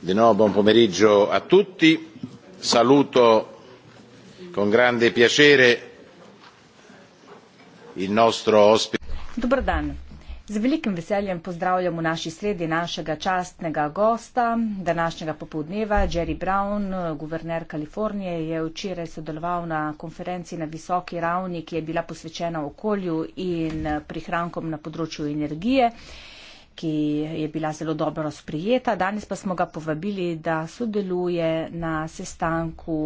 di nuovo buon pomeriggio a tutti saluto con grande piacere il nostro ospite. dobar dan. Z velikim veseljem pozdravljam v naši sredi našega častnega gosta današnjega popovdneva. Jerry Brown, guverner Kalifornije, je včeraj sodeloval na konferenci na visoki ravni, ki je bila posvečena okolju in prihrankom na področju energije ki je bila zelo dobro sprijeta. Danes pa smo ga povabili, da sodeluje na sestanku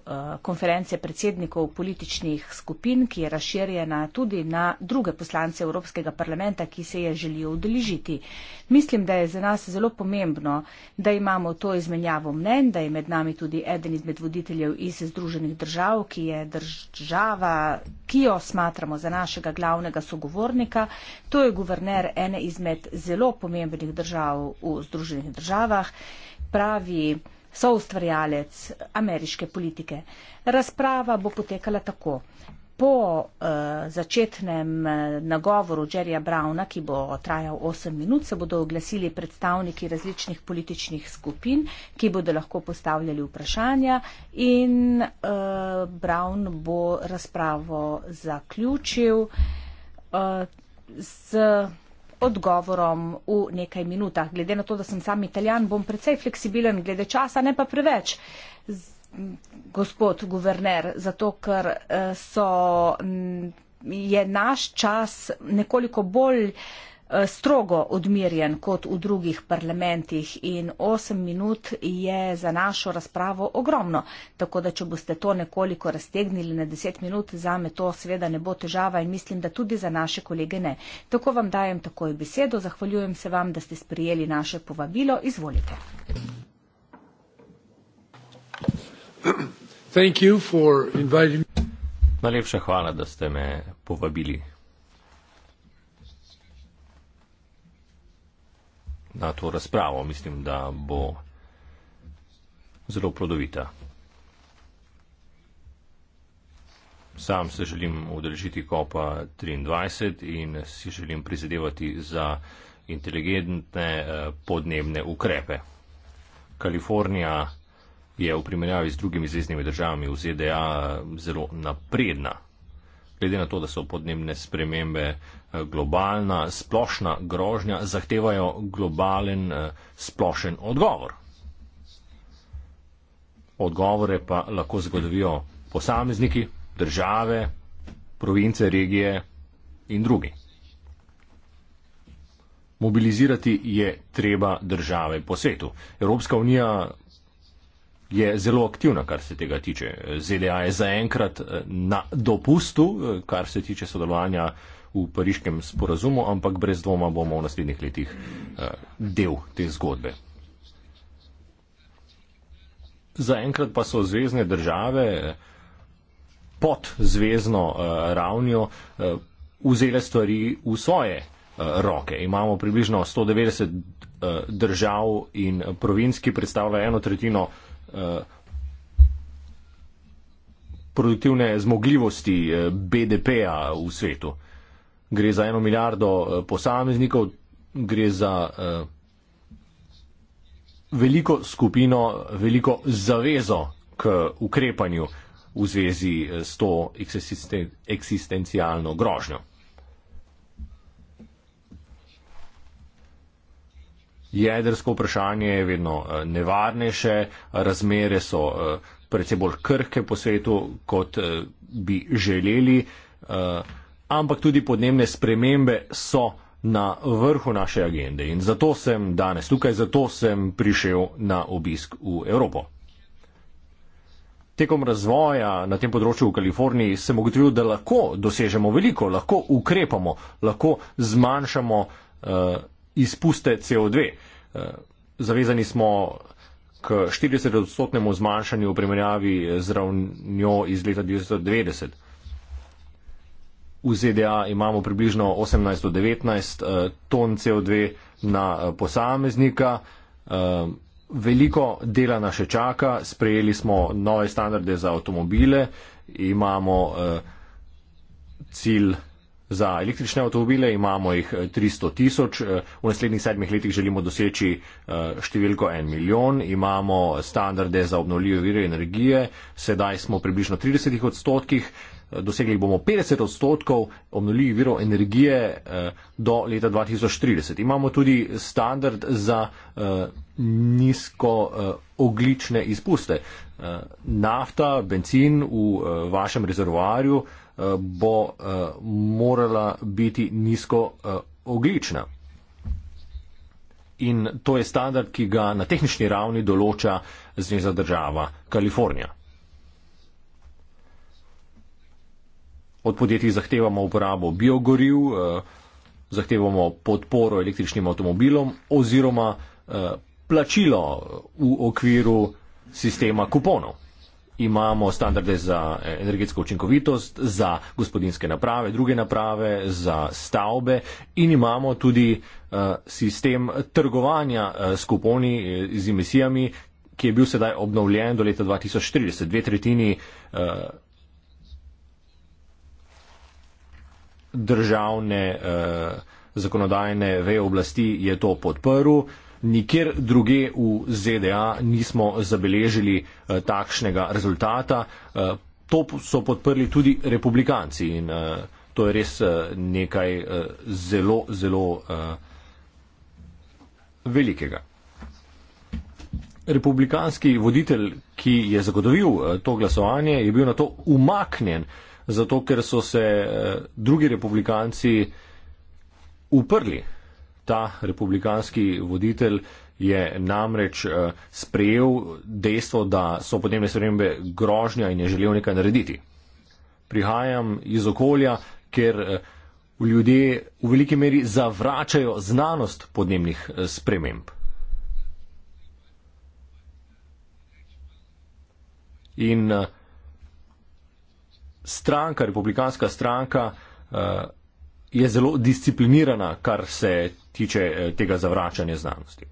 eh, konference predsednikov političnih skupin, ki je razširjena tudi na druge poslance Evropskega parlamenta, ki se je želijo udeležiti. Mislim, da je za nas zelo pomembno, da imamo to izmenjavo mnen, da je med nami tudi eden izmed voditeljev iz Združenih držav, ki je država, ki jo smatramo za našega glavnega sogovornika. To je guverner ene izmed zelo zelo pomembnih držav v Združenih državah, pravi soustvarjalec ameriške politike. Razprava bo potekala tako. Po uh, začetnem eh, nagovoru Jerryja Brauna, ki bo trajal 8 minut, se bodo oglasili predstavniki različnih političnih skupin, ki bodo lahko postavljali vprašanja in uh, eh, Braun bo razpravo zaključil uh, z odgovorom v nekaj minutah. Glede na to, da sem sam italijan, bom precej fleksibilen glede časa, ne pa preveč, gospod guverner, zato ker eh, so, je naš čas nekoliko bolj uh, Eh, strogo odmirjen kot v drugih parlamentih in 8 minut je za našo razpravo ogromno. Tako da, če boste to nekoliko raztegnili na 10 minut, za me to seveda ne bo težava in mislim, da tudi za naše kolege ne. Tako vam dajem takoj besedo, zahvaljujem se vam, da ste sprijeli naše povabilo. Izvolite. Najlepša hvala, da ste me povabili na to razpravo. Mislim, da bo zelo plodovita. Sam se želim udeležiti kopa 23 in si želim prizadevati za inteligentne eh, podnebne ukrepe. Kalifornija je v primerjavi z drugimi zvezdnimi državami v ZDA eh, zelo napredna glede na to, da so podnebne spremembe eh, globalna splošna grožnja, zahtevajo globalen eh, splošen odgovor. Odgovore pa lahko zgodovijo posamezniki, države, province, regije in drugi. Mobilizirati je treba države po svetu. Evropska unija je zelo aktivna, kar se tega tiče. ZDA je zaenkrat eh, na dopustu, eh, kar se tiče sodelovanja v pariškem sporazumu, ampak brez dvoma bomo v naslednjih letih eh, del te zgodbe. Zaenkrat pa so zvezdne države pod zvezdno ravnjo vzele stvari v svoje roke. Imamo približno 190 držav in provinski predstavlja eno tretjino Eh, produktivne zmogljivosti eh, BDP-ja v svetu. Gre za eno milijardo eh, posameznikov, gre za veliko skupino, veliko zavezo k ukrepanju v zvezi s to eksistencialno grožnjo. Jedrsko vprašanje je vedno eh, nevarnejše, razmere so eh, predvsej bolj krhke po svetu, kot eh, bi želeli, ampak tudi podnebne spremembe so na vrhu naše agende in zato sem danes tukaj, zato sem prišel na obisk v Evropo. Tekom razvoja na tem področju v Kaliforniji sem ugotovil, da lahko dosežemo veliko, lahko ukrepamo, lahko zmanjšamo izpuste CO2. Eh, zavezani smo k 40-odstotnemu zmanjšanju v primerjavi z ravnjo iz leta 1990. V ZDA imamo približno 18 do 19 eh, ton CO2 na eh, posameznika. Veliko dela nas še čaka, sprejeli smo nove standarde za avtomobile, imamo cilj Za električne avtomobile imamo jih 300 eh, tisoč, eh, v naslednjih sedmih letih želimo doseči eh, številko 1 milijon, imamo standarde za obnovljive vire energije, sedaj smo približno 30 odstotkih, dosegli bomo 50 odstotkov obnoljivih virov energije eh, do leta 2030. Imamo tudi standard za eh, nizko eh, oglične izpuste. Nafta, benzin v vašem rezervoarju bo morala biti nizko oglična. In to je standard, ki ga na tehnični ravni določa zneza država Kalifornija. od podjetij zahtevamo uporabo biogoriv, eh, zahtevamo podporo električnim avtomobilom oziroma eh, plačilo eh, v okviru sistema kuponov. Imamo standarde za energetsko učinkovitost, za gospodinske naprave, druge naprave, za stavbe in imamo tudi sistem trgovanja s kuponi z emisijami, ki je bil sedaj obnovljen do leta 2040. Dve tretjini državne eh, zakonodajne veje oblasti je to podprl. Nikjer druge v ZDA nismo zabeležili eh, takšnega rezultata. Eh, to so podprli tudi republikanci in eh, to je res eh, nekaj eh, zelo, zelo eh, velikega. Republikanski voditelj, ki je zagotovil eh, to glasovanje, je bil na to umaknjen eh, zato ker so se eh, drugi republikanci uprli. Ta republikanski voditelj je namreč eh, sprejel dejstvo, da so podnebne spremembe grožnja in je želel nekaj narediti. Prihajam iz okolja, ker eh, ljudje v veliki meri zavračajo znanost podnebnih sprememb. In uh, stranka, republikanska stranka, eh, je zelo disciplinirana, kar se tiče eh, tega zavračanja znanosti.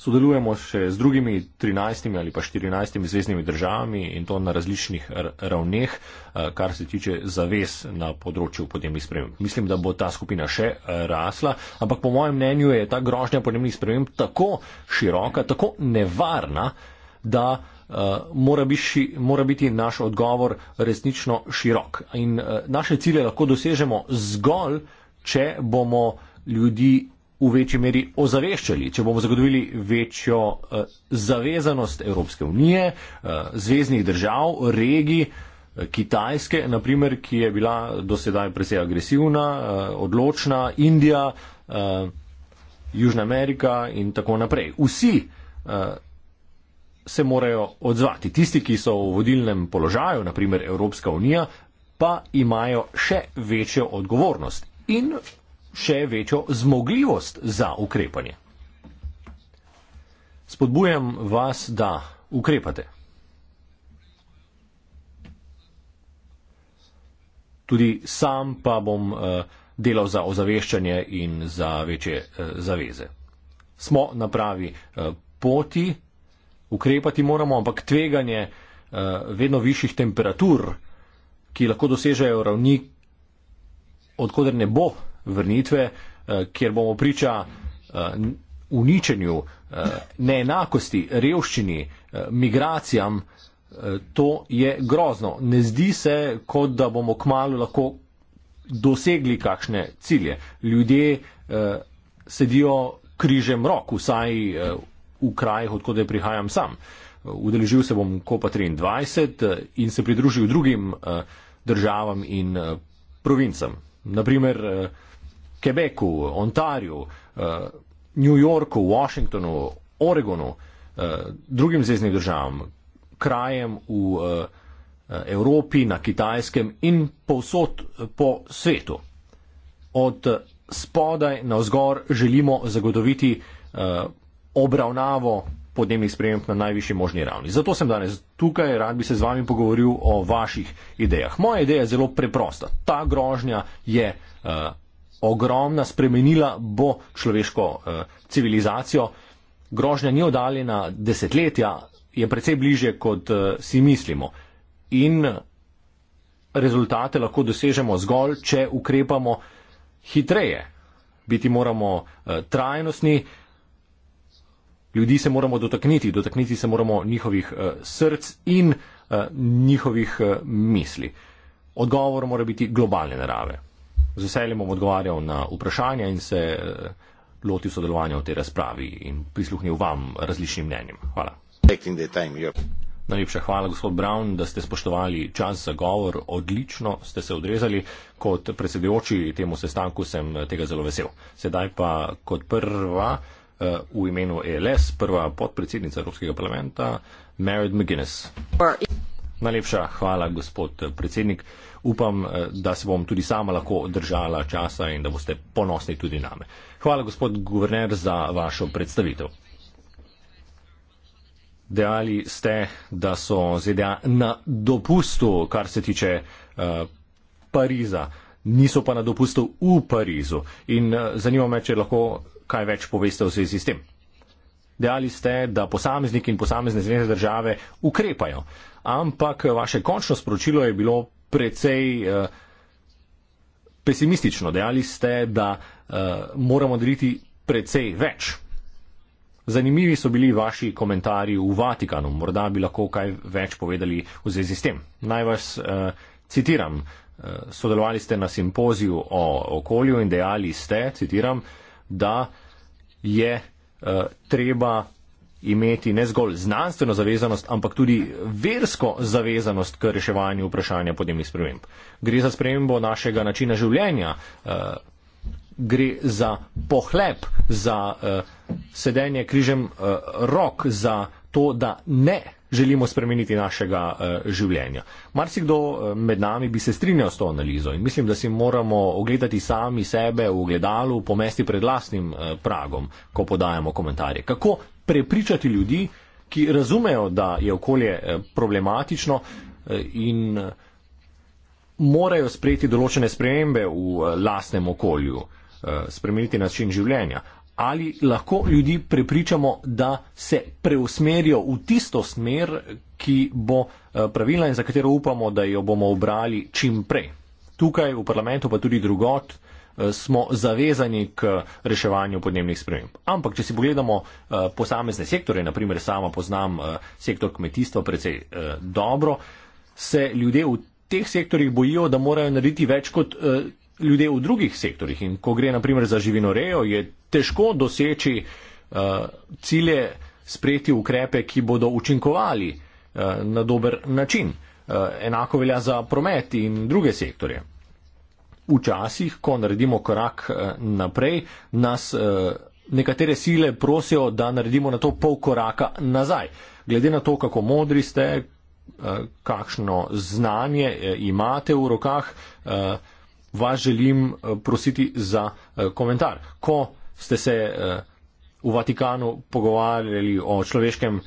Sodelujemo še z drugimi 13 ali pa 14 zvezdnimi državami in to na različnih ravneh, eh, kar se tiče zavez na področju podnebnih sprememb. Mislim, da bo ta skupina še rasla, ampak po mojem mnenju je ta grožnja podnebnih sprememb tako široka, tako nevarna, da uh, Eh, mora, biši, mora biti naš odgovor resnično širok. In eh, naše cilje lahko dosežemo zgolj, če bomo ljudi v večji meri ozaveščali, če bomo zagotovili večjo eh, zavezanost Evropske unije, zvezdnih držav, regij. Kitajske, naprimer, ki je bila dosedaj presej agresivna, odločna, Indija, Južna Amerika in tako naprej. Vsi se morajo odzvati. Tisti, ki so v vodilnem položaju, naprimer Evropska unija, pa imajo še večjo odgovornost in še večjo zmogljivost za ukrepanje. Spodbujam vas, da ukrepate. Tudi sam pa bom eh, delal za ozaveščanje in za večje eh, zaveze. Smo na pravi eh, poti ukrepati moramo, ampak tveganje eh, vedno višjih temperatur, ki lahko dosežejo ravni, odkuder ne bo vrnitve, eh, kjer bomo priča eh, uničenju, neenakosti, revščini, migracijam, to je grozno. Ne zdi se, kot da bomo kmalo lahko dosegli kakšne cilje. Ljudje sedijo križem rok, vsaj v krajih, odkud je prihajam sam. Udeležil se bom COP23 eh, in se pridružil drugim eh, državam in eh, provincam. Naprimer Quebecu, Ontariju, New Yorku, Washingtonu, Oregonu, drugim zvezdnim državam, krajem v Evropi, na kitajskem in povsod po svetu. Od spodaj na vzgor želimo zagotoviti obravnavo podnebnih sprememb na najvišji možni ravni. Zato sem danes tukaj, rad bi se z vami pogovoril o vaših idejah. Moja ideja je zelo preprosta. Ta grožnja je uh, ogromna, spremenila bo človeško uh, civilizacijo. Grožnja ni oddaljena desetletja, je precej bliže, kot uh, si mislimo. In rezultate lahko dosežemo zgolj, če ukrepamo hitreje. Biti moramo uh, trajnostni. Uh, ljudi se moramo dotakniti, dotakniti se moramo njihovih uh, src in uh, njihovih uh, misli. Odgovor mora biti globalne narave. Z veseljem bom odgovarjal na vprašanja in se uh, lotil sodelovanja v tej razpravi in prisluhnil vam različnim mnenjem. Hvala. Najlepša hvala, gospod Brown, da ste spoštovali čas za govor. Odlično ste se odrezali. Kot predsedujoči temu sestanku sem tega zelo vesel. Sedaj pa kot prva. Eh, v imenu ELS prva podpredsednica Evropskega parlamenta Merit McGuinness. Najlepša hvala, gospod predsednik. Upam, eh, da se bom tudi sama lahko držala časa in da boste ponosni tudi name. Hvala, gospod guverner, za vašo predstavitev. Dejali ste, da so ZDA na dopustu, kar se tiče uh, Pariza, niso pa na dopustu v Parizu. In uh, zanima me, če lahko kaj več poveste v zvezi s tem. Dejali ste, da posamezniki in posamezne zvezde države ukrepajo, ampak vaše končno sporočilo je bilo precej eh, pesimistično. Dejali ste, da eh, moramo deliti precej več. Zanimivi so bili vaši komentarji v Vatikanu, morda bi lahko kaj več povedali v zvezi s tem. Naj vas eh, citiram. Eh, sodelovali ste na simpoziju o okolju in dejali ste, citiram, eh, da je eh, treba imeti ne zgolj znanstveno zavezanost, ampak tudi versko zavezanost k reševanju vprašanja podnebnih sprememb. Gre za spremembo našega načina življenja, eh, gre za pohlep, za eh, sedenje križem rok, za to, da ne želimo spremeniti našega uh, življenja. Marsikdo eh, med nami bi se strinjal s to analizo in mislim, da si moramo ogledati sami sebe v gledalu, pomesti pred lastnim uh, pragom, ko podajamo komentarje. Kako prepričati ljudi, ki razumejo, da je okolje uh, problematično uh, in uh, morajo sprejeti določene spremembe v uh, lastnem okolju, uh, spremeniti način življenja ali lahko ljudi prepričamo, da se preusmerijo v tisto smer, ki bo eh, pravilna in za katero upamo, da jo bomo obrali čim prej. Tukaj v parlamentu pa tudi drugot eh, smo zavezani k reševanju podnebnih sprememb. Ampak, če si pogledamo eh, posamezne sektore, naprimer sama poznam sektor kmetijstva precej dobro, se ljudje v teh sektorjih bojijo, da morajo narediti več kot ljudje v drugih sektorjih. In ko gre naprimer za živinorejo, je težko doseči uh, cilje, sprejeti ukrepe, ki bodo učinkovali uh, na dober način. Uh, enako velja za promet in druge sektorje. Včasih, ko naredimo korak uh, naprej, nas uh, nekatere sile prosijo, da naredimo na to pol koraka nazaj. Glede na to, kako modri ste, uh, kakšno znanje uh, imate v rokah, uh, vas želim eh, prositi za eh, komentar. Ko ste se eh, v Vatikanu pogovarjali o človeškem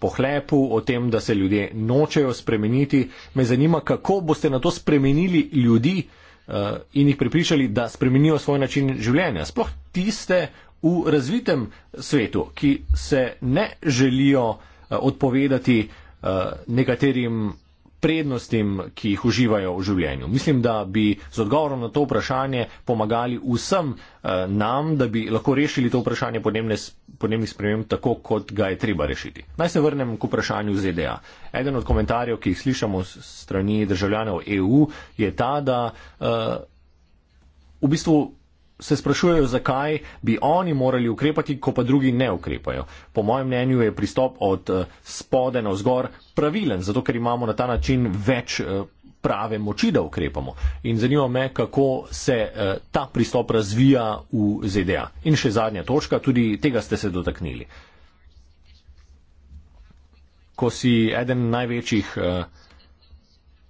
pohlepu, o tem, da se ljudje nočejo spremeniti, me zanima, kako boste na to spremenili ljudi in jih pripričali, da spremenijo svoj način življenja. Sploh tiste v razvitem svetu, ki se ne želijo odpovedati nekaterim prednostim, ki jih uživajo v življenju. Mislim, da bi z odgovorom na to vprašanje pomagali vsem eh, nam, da bi lahko rešili to vprašanje podnebne, podnebnih sprememb tako, kot ga je treba rešiti. Naj se vrnem k vprašanju ZDA. Eden od komentarjev, ki jih slišamo strani državljanov EU, je ta, da uh, v bistvu se sprašujejo, zakaj bi oni morali ukrepati, ko pa drugi ne ukrepajo. Po mojem mnenju je pristop od eh, spode na vzgor pravilen, zato ker imamo na ta način več eh, prave moči, da ukrepamo. In zanima me, kako se eh, ta pristop razvija v ZDA. In še zadnja točka, tudi tega ste se dotaknili. Ko si eden največjih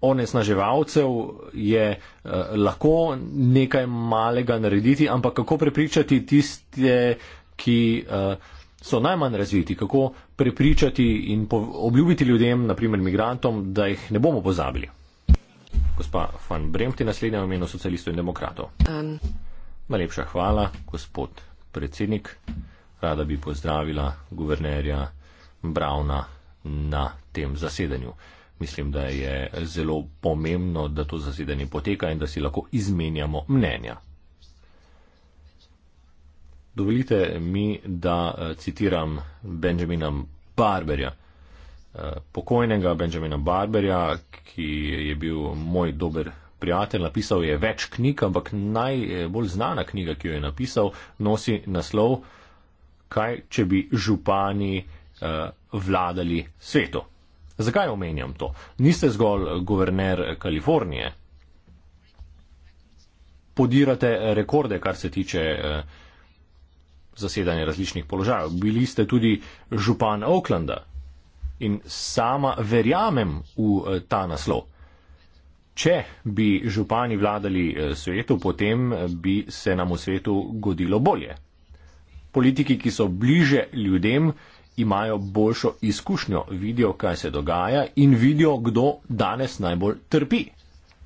onesnaževalcev je eh, lahko nekaj malega narediti, ampak kako prepričati tiste, ki eh, so najmanj razviti, kako prepričati in obljubiti ljudem, naprimer migrantom, da jih ne bomo pozabili. Gospa Van Bremti, naslednja v imenu socialistov in demokratov. Um. Najlepša hvala, gospod predsednik. Rada bi pozdravila guvernerja Brauna na tem zasedanju. Mislim, da je zelo pomembno, da to zasedanje poteka in da si lahko izmenjamo mnenja. Dovolite mi, da eh, citiram Benjamina Barberja, eh, pokojnega Benjamina Barberja, ki je bil moj dober prijatelj. Napisal je več knjig, ampak najbolj znana knjiga, ki jo je napisal, nosi naslov Kaj, če bi župani eh, vladali svetu. Zakaj omenjam to? Niste zgolj guverner Kalifornije. Podirate rekorde, kar se tiče eh, zasedanja različnih položajev. Bili ste tudi župan Oaklanda in sama verjamem v eh, ta naslov. Če bi župani vladali eh, svetu, potem bi se nam v svetu godilo bolje. Politiki, ki so bliže ljudem, imajo boljšo izkušnjo, vidijo, kaj se dogaja in vidijo, kdo danes najbolj trpi.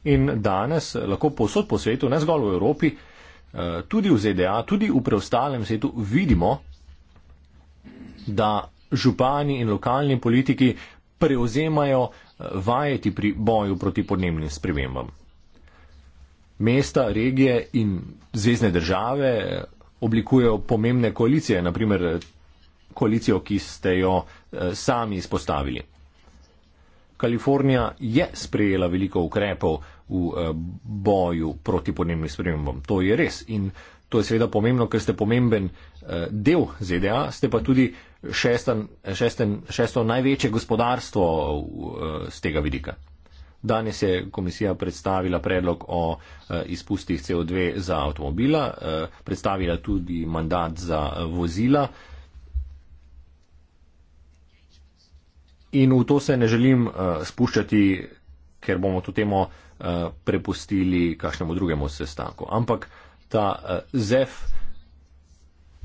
In danes lahko posod po svetu, ne zgolj v Evropi, eh, tudi v ZDA, tudi v preostalem svetu vidimo, da župani in lokalni politiki prevzemajo eh, vajeti pri boju proti podnebnim spremembam. Mesta, regije in zvezdne države eh, oblikujejo pomembne koalicije, naprimer koalicijo, ki ste jo eh, sami izpostavili. Kalifornija je sprejela veliko ukrepov v eh, boju proti podnebnim spremembam. To je res in to je seveda pomembno, ker ste pomemben eh, del ZDA, ste pa tudi šesten, šesten, šesto največje gospodarstvo z tega vidika. Danes je komisija predstavila predlog o izpustih CO2 za avtomobila, predstavila tudi mandat za vozila. in v to se ne želim uh, spuščati, ker bomo to temo uh, prepustili kakšnemu drugemu sestanku. Ampak ta uh, ZEF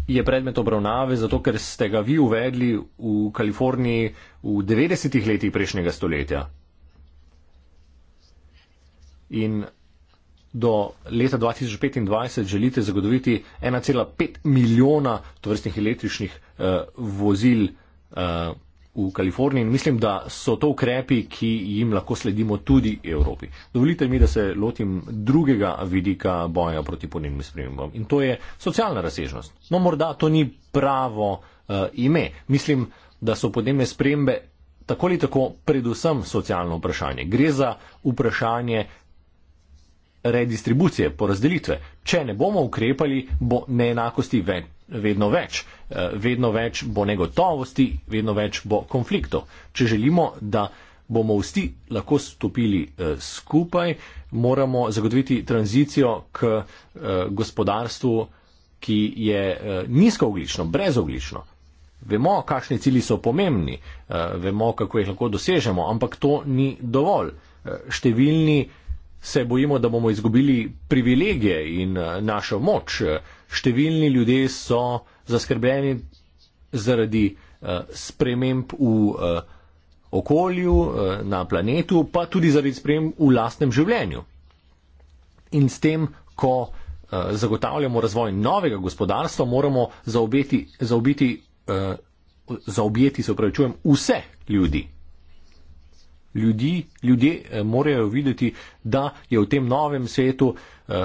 je predmet obravnave, zato ker ste ga vi uvedli v Kaliforniji v 90-ih letih prejšnjega stoletja. In do leta 2025 želite zagotoviti 1,5 milijona tovrstnih električnih uh, vozil. Uh, v Kaliforniji in mislim, da so to ukrepi, ki jim lahko sledimo tudi v Evropi. Dovolite mi, da se lotim drugega vidika boja proti podnebnim spremembam in to je socialna razsežnost. No, morda to ni pravo uh, ime. Mislim, da so podnebne spremembe tako ali tako predvsem socialno vprašanje. Gre za vprašanje redistribucije, porazdelitve. Če ne bomo ukrepali, bo neenakosti ve vedno več, e, vedno več bo negotovosti, vedno več bo konfliktov. Če želimo, da bomo vsi lahko stopili e, skupaj, moramo zagotoviti tranzicijo k e, gospodarstvu, ki je e, nizkooglično, brezoglično. Vemo, kakšni cilji so pomembni, e, vemo, kako jih lahko dosežemo, ampak to ni dovolj. E, številni se bojimo, da bomo izgubili privilegije in eh, našo moč. Številni ljudje so zaskrbljeni zaradi eh, sprememb v eh, okolju, na planetu, pa tudi zaradi sprememb v lastnem življenju. In s tem, ko zagotavljamo razvoj novega gospodarstva, moramo zaobjeti, zaobjeti, zaobjeti se upravičujem, vse ljudi ljudi, ljudje eh, morajo videti, da je v tem novem svetu uh,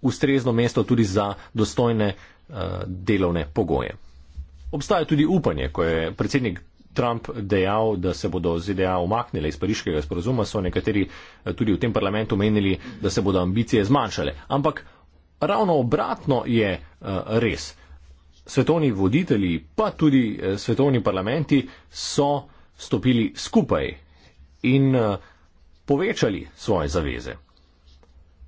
ustrezno mesto tudi za dostojne uh, delovne pogoje. Obstaja tudi upanje, ko je predsednik Trump dejal, da se bodo ZDA umaknile iz pariškega sporozuma, so nekateri tudi v tem parlamentu menili, da se bodo ambicije zmanjšale. Ampak ravno obratno je uh, res. Svetovni voditelji, pa tudi svetovni parlamenti so stopili skupaj in eh, povečali svoje zaveze.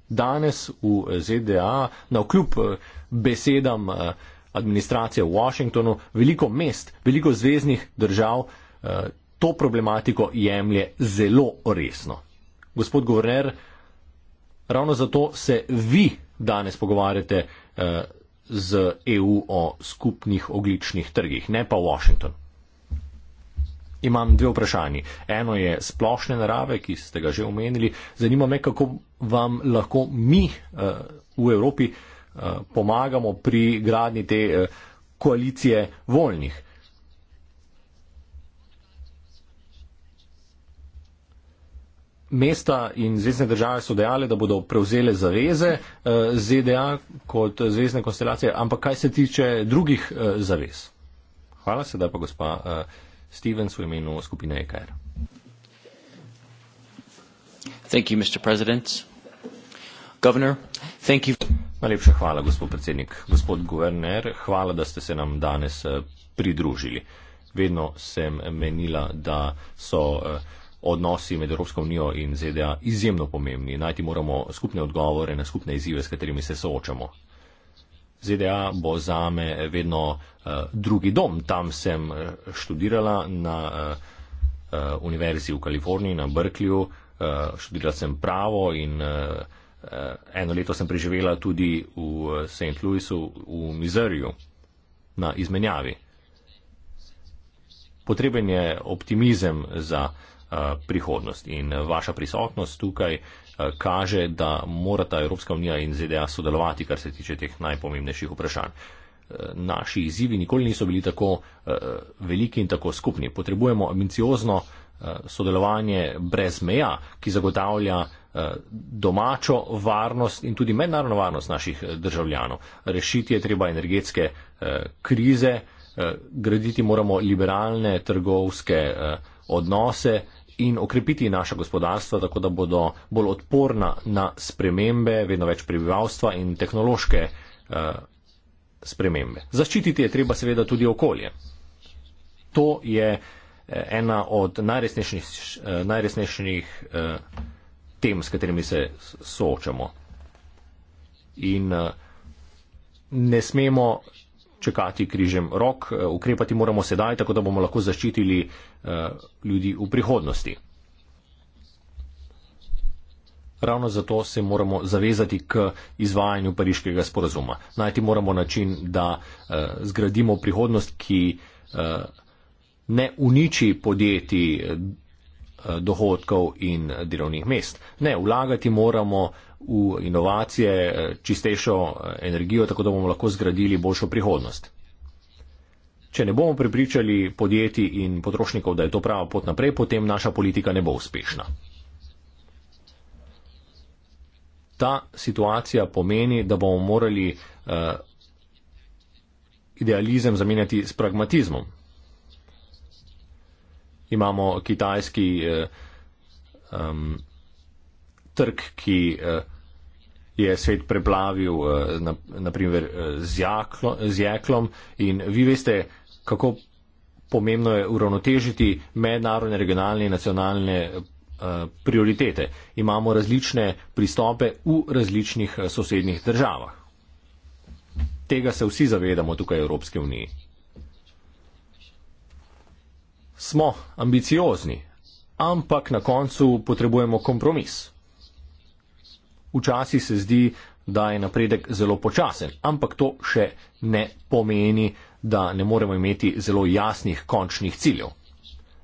Danes v eh, ZDA, na kljub eh, besedam administracije v Washingtonu, veliko mest, veliko zvezdnih držav to problematiko jemlje zelo resno. Gospod guverner, ravno zato se vi danes pogovarjate z EU o skupnih ogličnih trgih, ne pa Washington. Imam dve vprašanji. Eno je splošne narave, ki ste ga že omenili. Zanima me, kako vam lahko mi eh, v Evropi eh, pomagamo pri gradni te eh, koalicije voljnih. Mesta in zvezdne države so dejale, da bodo prevzele zaveze ZDA kot zvezdne konstelacije, ampak kaj se tiče drugih zavez? Hvala sedaj pa, gospa. Stevens v imenu skupine EKR. Najlepša hvala, gospod predsednik. Gospod guverner, hvala, da ste se nam danes eh, pridružili. Vedno sem menila, da so eh, odnosi med Evropsko unijo in ZDA izjemno pomembni. Najti moramo skupne odgovore na skupne izzive, s katerimi se soočamo. ZDA bo za me vedno uh, drugi dom. Tam sem eh, študirala na uh, uh, Univerzi v Kaliforniji, na Berkeleyju, uh, študirala sem pravo in uh, uh, eno leto sem preživela tudi v St. Louisu v Mizerju na izmenjavi. Potreben je optimizem za uh, Eh, prihodnost. In eh, vaša prisotnost tukaj eh, kaže, da morata Evropska unija in ZDA sodelovati, kar se tiče teh najpomembnejših vprašanj. Naši izzivi nikoli niso bili tako veliki in tako skupni. Potrebujemo ambiciozno sodelovanje brez meja, ki zagotavlja domačo varnost in tudi mednarodno varnost naših državljanov. Rešiti je treba energetske krize, graditi moramo liberalne trgovske odnose in okrepiti naša gospodarstva, tako da bodo bolj odporna na spremembe, vedno več prebivalstva in tehnološke eh, spremembe. Zaščititi je treba seveda tudi okolje. To je eh, ena od najresnejših, eh, najresnejših eh, tem, s katerimi se soočamo. In eh, ne smemo čakati križem rok, eh, ukrepati moramo sedaj, tako da bomo lahko zaščitili eh, ljudi v prihodnosti. Ravno zato se moramo zavezati k izvajanju pariškega sporazuma. Najti moramo način, da eh, zgradimo prihodnost, ki ne uniči podjetij dohodkov in delovnih mest. Ne, vlagati moramo v inovacije, čistejšo eh, energijo, tako da bomo lahko zgradili boljšo prihodnost. Če ne bomo prepričali podjetij in potrošnikov, da je to prava pot naprej, potem naša politika ne bo uspešna. Ta situacija pomeni, da bomo morali uh, idealizem zamenjati s pragmatizmom. Imamo kitajski uh, um, trg, ki uh, je svet preplavil eh, naprimer eh, z, jaklo, z jeklom in vi veste, kako pomembno je uravnotežiti mednarodne, regionalne in nacionalne eh, prioritete. Imamo različne pristope v različnih sosednjih državah. Tega se vsi zavedamo tukaj v Evropske unije. Smo ambiciozni, ampak na koncu potrebujemo kompromis. Včasih se zdi, da je napredek zelo počasen, ampak to še ne pomeni, da ne moremo imeti zelo jasnih končnih ciljev.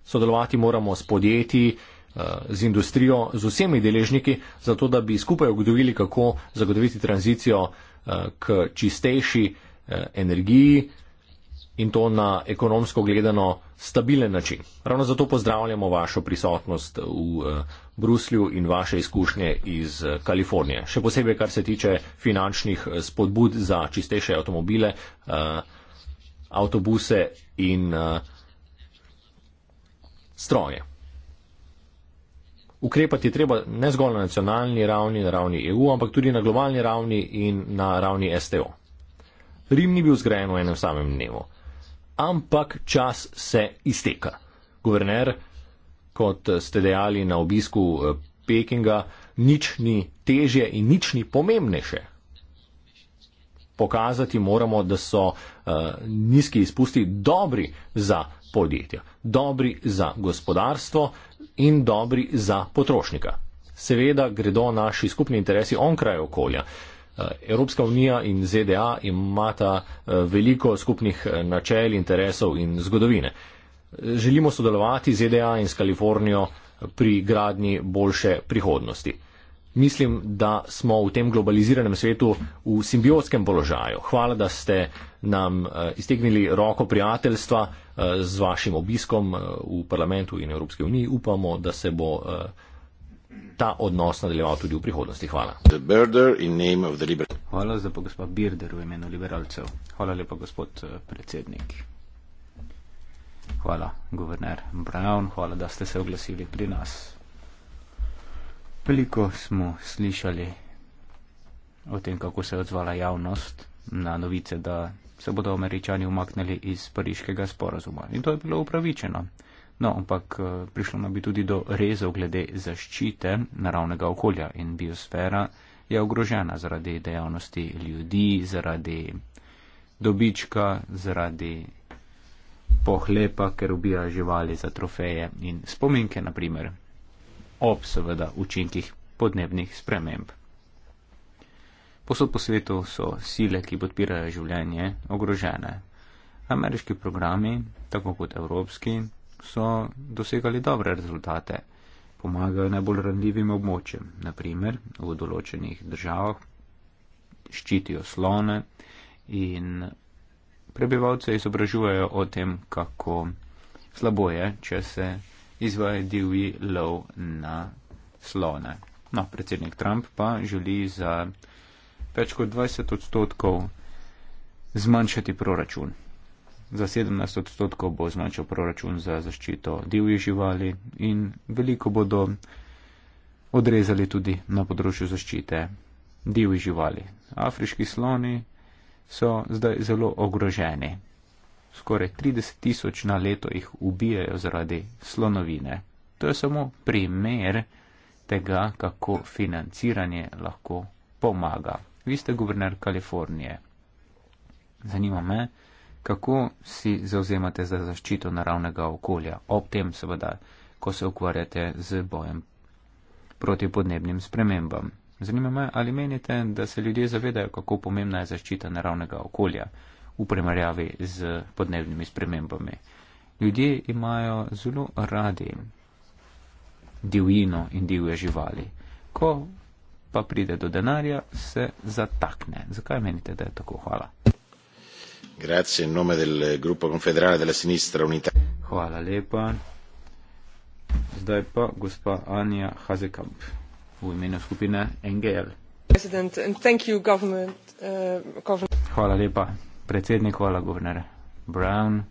Sodelovati moramo s podjetji, eh, z industrijo, z vsemi deležniki, zato da bi skupaj ugotovili, kako zagotoviti tranzicijo eh, k čistejši eh, energiji in to na ekonomsko gledano stabilen način. Ravno zato pozdravljamo vašo prisotnost v Bruslju in vaše izkušnje iz eh, Kalifornije. Še posebej, kar se tiče finančnih eh, spodbud za čistejše avtomobile, eh, avtobuse in stroje. Ukrepati je treba ne zgolj na nacionalni ravni, na ravni EU, ampak tudi na globalni ravni in na ravni STO. Rim ni bil zgrajen v enem samem dnevu, ampak čas se izteka. Guverner kot ste dejali na obisku eh, Pekinga, nič ni težje in nič ni pomembnejše. Pokazati moramo, da so uh, nizki izpusti dobri za podjetja, dobri za gospodarstvo in dobri za potrošnika. Seveda gredo naši skupni interesi onkraj okolja. Eh, Evropska unija in ZDA imata veliko skupnih načel, interesov in zgodovine želimo sodelovati ZDA in s Kalifornijo pri gradni boljše prihodnosti. Mislim, da smo v tem globaliziranem svetu v simbiotskem položaju. Hvala, da ste nam eh, iztegnili roko prijateljstva eh, z vašim obiskom eh, v parlamentu in Evropske unije. Upamo, da se bo ta odnos nadaljeval tudi v prihodnosti. Hvala. Hvala lepa, gospod Birder, v imenu liberalcev. Hvala lepa, gospod predsednik. Hvala, guverner Brown, hvala, da ste se oglasili pri nas. Veliko smo slišali o tem, kako se je odzvala javnost na novice, da se bodo američani umaknili iz pariškega sporazuma. In to je bilo upravičeno. No, ampak eh, prišlo nam bi tudi do rezov glede zaščite naravnega okolja in biosfera je ogrožena zaradi dejavnosti ljudi, zaradi dobička, zaradi pohlepa, ker ubija živali za trofeje in spominke, naprimer, ob seveda učinkih podnebnih sprememb. Posod po svetu so sile, ki podpirajo življenje, ogrožene. Ameriški programi, tako kot evropski, so dosegali dobre rezultate, pomagajo najbolj randljivim območjem, naprimer v določenih državah, ščitijo slone in prebivalce izobražujejo o tem, kako slabo je, če se izvaja divji lov na slone. No, predsednik Trump pa želi za več kot 20 odstotkov zmanjšati proračun. Za 17 odstotkov bo zmanjšal proračun za zaščito divjih živali in veliko bodo odrezali tudi na področju zaščite divjih živali. Afriški sloni so zdaj zelo ogroženi. Skoraj 30 tisoč na leto jih ubijajo zaradi slonovine. To je samo primer tega, kako financiranje lahko pomaga. Vi ste guverner Kalifornije. Zanima me, kako si zauzemate za zaščito naravnega okolja, ob tem seveda, ko se ukvarjate z bojem proti podnebnim spremembam. Zanima me, ali menite, da se ljudje zavedajo, kako pomembna je zaščita naravnega okolja v primerjavi z podnebnimi spremembami. Ljudje imajo zelo radi divjino in divje živali. Ko pa pride do denarja, se zatakne. Zakaj menite, da je tako? Hvala. Hvala lepa. Zdaj pa gospa Anja Hazekamp v imenu skupine NGL. Uh, hvala lepa, predsednik, hvala, guverner Brown.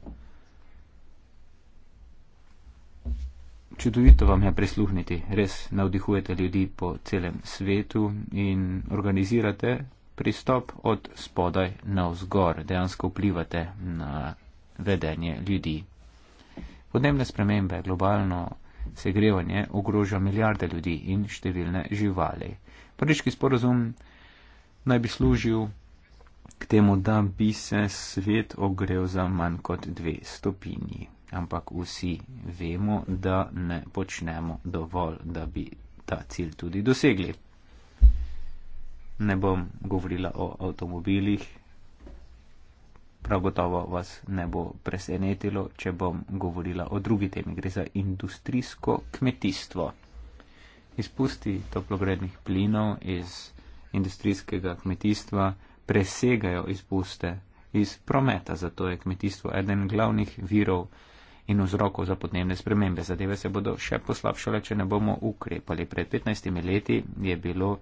Čudovito vam je prisluhniti, res navdihujete ljudi po celem svetu in organizirate pristop od spodaj na vzgor, dejansko vplivate na vedenje ljudi. Podnebne spremembe, globalno segrevanje ogroža milijarde ljudi in številne živali. Pariški sporozum naj bi služil k temu, da bi se svet ogrel za manj kot dve stopinji, ampak vsi vemo, da ne počnemo dovolj, da bi ta cilj tudi dosegli. Ne bom govorila o avtomobilih, prav gotovo vas ne bo presenetilo, če bom govorila o drugi temi. Gre za industrijsko kmetijstvo. Izpusti toplogrednih plinov iz industrijskega kmetijstva presegajo izpuste iz prometa, zato je kmetijstvo eden glavnih virov in vzrokov za podnebne spremembe. Zadeve se bodo še poslabšale, če ne bomo ukrepali. Pred 15 leti je bilo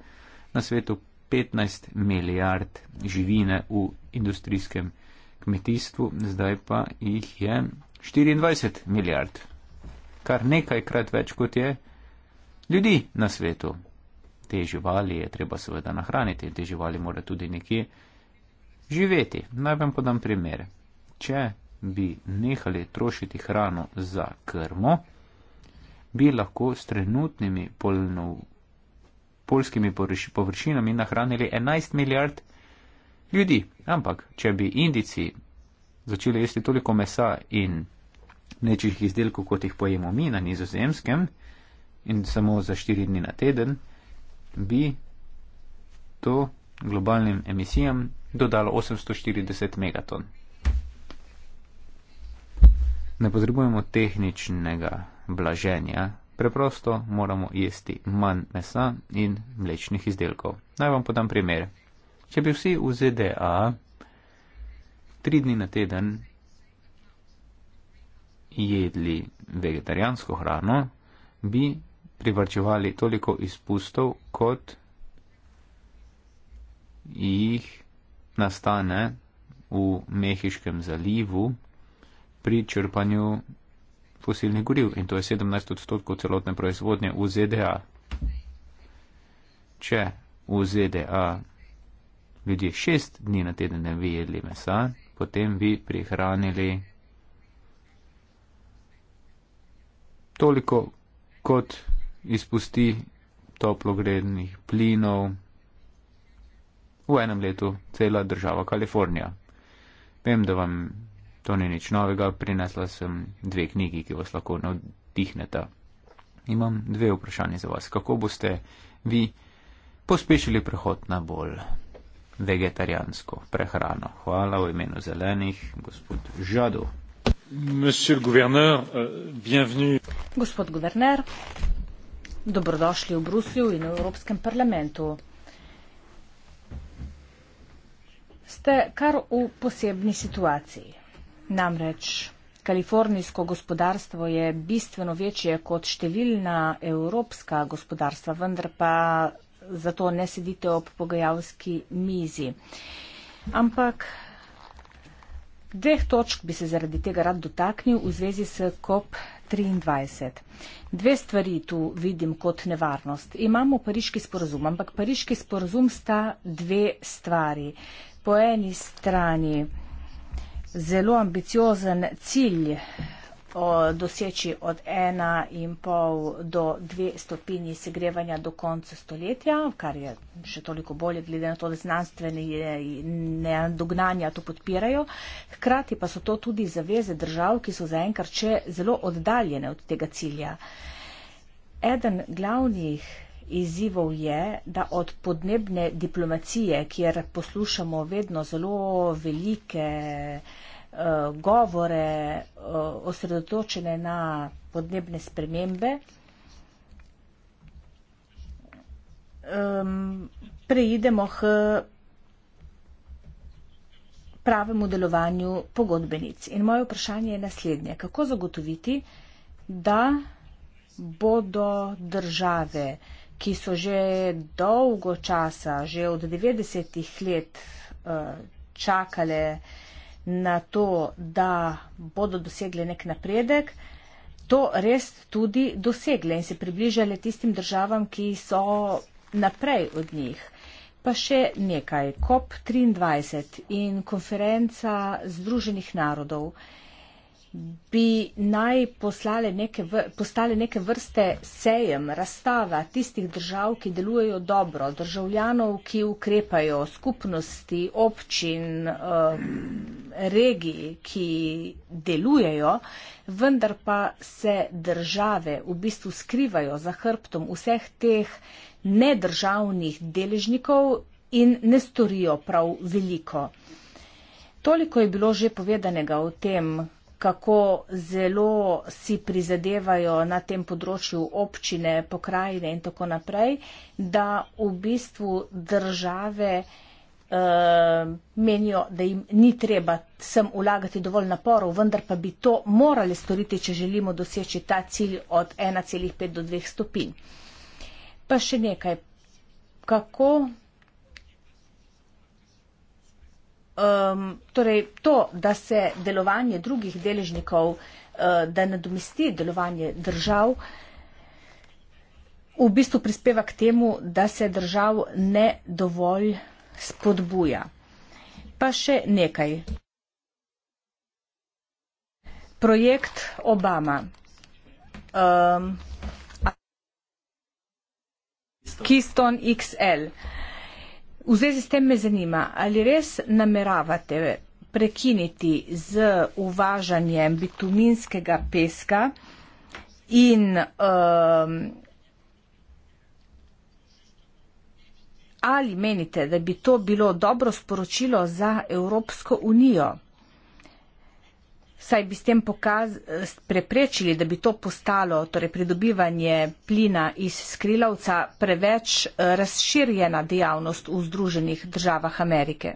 na svetu 15 milijard živine v industrijskem kmetijstvu kmetijstvu, zdaj pa jih je 24 milijard, kar nekajkrat več kot je ljudi na svetu. Te živali je treba seveda nahraniti in te živali mora tudi nekje živeti. Naj vam podam primer. Če bi nehali trošiti hrano za krmo, bi lahko s trenutnimi polno, polskimi površinami nahranili 11 milijard ljudi. Ampak, če bi Indici začeli jesti toliko mesa in mlečih izdelkov, kot jih pojemo mi na nizozemskem, in samo za štiri dni na teden, bi to globalnim emisijam dodalo 840 megaton. Ne potrebujemo tehničnega blaženja, preprosto moramo jesti manj mesa in mlečnih izdelkov. Naj vam podam primer. Če bi vsi v ZDA tri dni na teden jedli vegetarijansko hrano, bi privrčevali toliko izpustov, kot jih nastane v Mehiškem zalivu pri črpanju fosilnih goriv. In to je 17 odstotkov celotne proizvodnje v ZDA. Če v ZDA ljudje šest dni na teden ne bi jedli mesa, potem bi prihranili toliko, kot izpusti toplogrednih plinov v enem letu cela država Kalifornija. Vem, da vam to ni nič novega, prinesla sem dve knjigi, ki vas lahko navdihneta. Imam dve vprašanje za vas. Kako boste vi pospešili prehod na bolj vegetarijansko prehrano. Hvala v imenu zelenih, gospod Žadu. Monsieur Gouverneur, euh, bienvenue. Gospod Gouverneur, dobrodošli v Bruslju in v Evropskem parlamentu. Ste kar v posebni situaciji. Namreč kalifornijsko gospodarstvo je bistveno večje kot številna evropska gospodarstva, vendar pa zato ne sedite ob pogajalski mizi. Ampak dveh točk bi se zaradi tega rad dotaknil v zvezi s COP23. Dve stvari tu vidim kot nevarnost. Imamo pariški sporozum, ampak pariški sporozum sta dve stvari. Po eni strani zelo ambiciozen cilj doseči od ena in pol do dve stopinji segrevanja do konca stoletja, kar je še toliko bolje, glede na to, da znanstveni eh, ne dognanja to podpirajo. Hkrati pa so to tudi zaveze držav, ki so zaenkrat še zelo oddaljene od tega cilja. Eden glavnih izzivov je, da od podnebne diplomacije, kjer poslušamo vedno zelo velike Eh, govore eh, osredotočene na podnebne spremembe. Preidemo k pravemu delovanju pogodbenic. In moje vprašanje je naslednje. Kako zagotoviti, da bodo države, ki so že dolgo časa, že od 90-ih let eh, čakale, na to, da bodo dosegle nek napredek, to res tudi dosegle in se približale tistim državam, ki so naprej od njih. Pa še nekaj, COP23 in konferenca Združenih narodov bi naj neke postale neke vrste sejem, razstava tistih držav, ki delujejo dobro, državljanov, ki ukrepajo, skupnosti, občin, um, regiji, ki delujejo, vendar pa se države v bistvu skrivajo za hrbtom vseh teh nedržavnih deležnikov in ne storijo prav veliko. Toliko je bilo že povedanega o tem, kako zelo si prizadevajo na tem področju občine, pokrajine in tako naprej, da v bistvu države uh, menijo, da jim ni treba sem ulagati dovolj naporov, vendar pa bi to morali storiti, če želimo doseči ta cilj od 1,5 do 2 stopinj. Pa še nekaj. Kako um, torej to, da se delovanje drugih deležnikov, uh, da nadomesti delovanje držav, v bistvu prispeva k temu, da se držav ne dovolj spodbuja. Pa še nekaj. Projekt Obama, um, Keystone XL. V zvezi s tem me zanima, ali res nameravate prekiniti z uvažanjem bituminskega peska in um, ali menite, da bi to bilo dobro sporočilo za Evropsko unijo? saj bi s tem pokaz, preprečili, da bi to postalo, torej pridobivanje plina iz skrilavca, preveč eh, razširjena dejavnost v Združenih državah Amerike.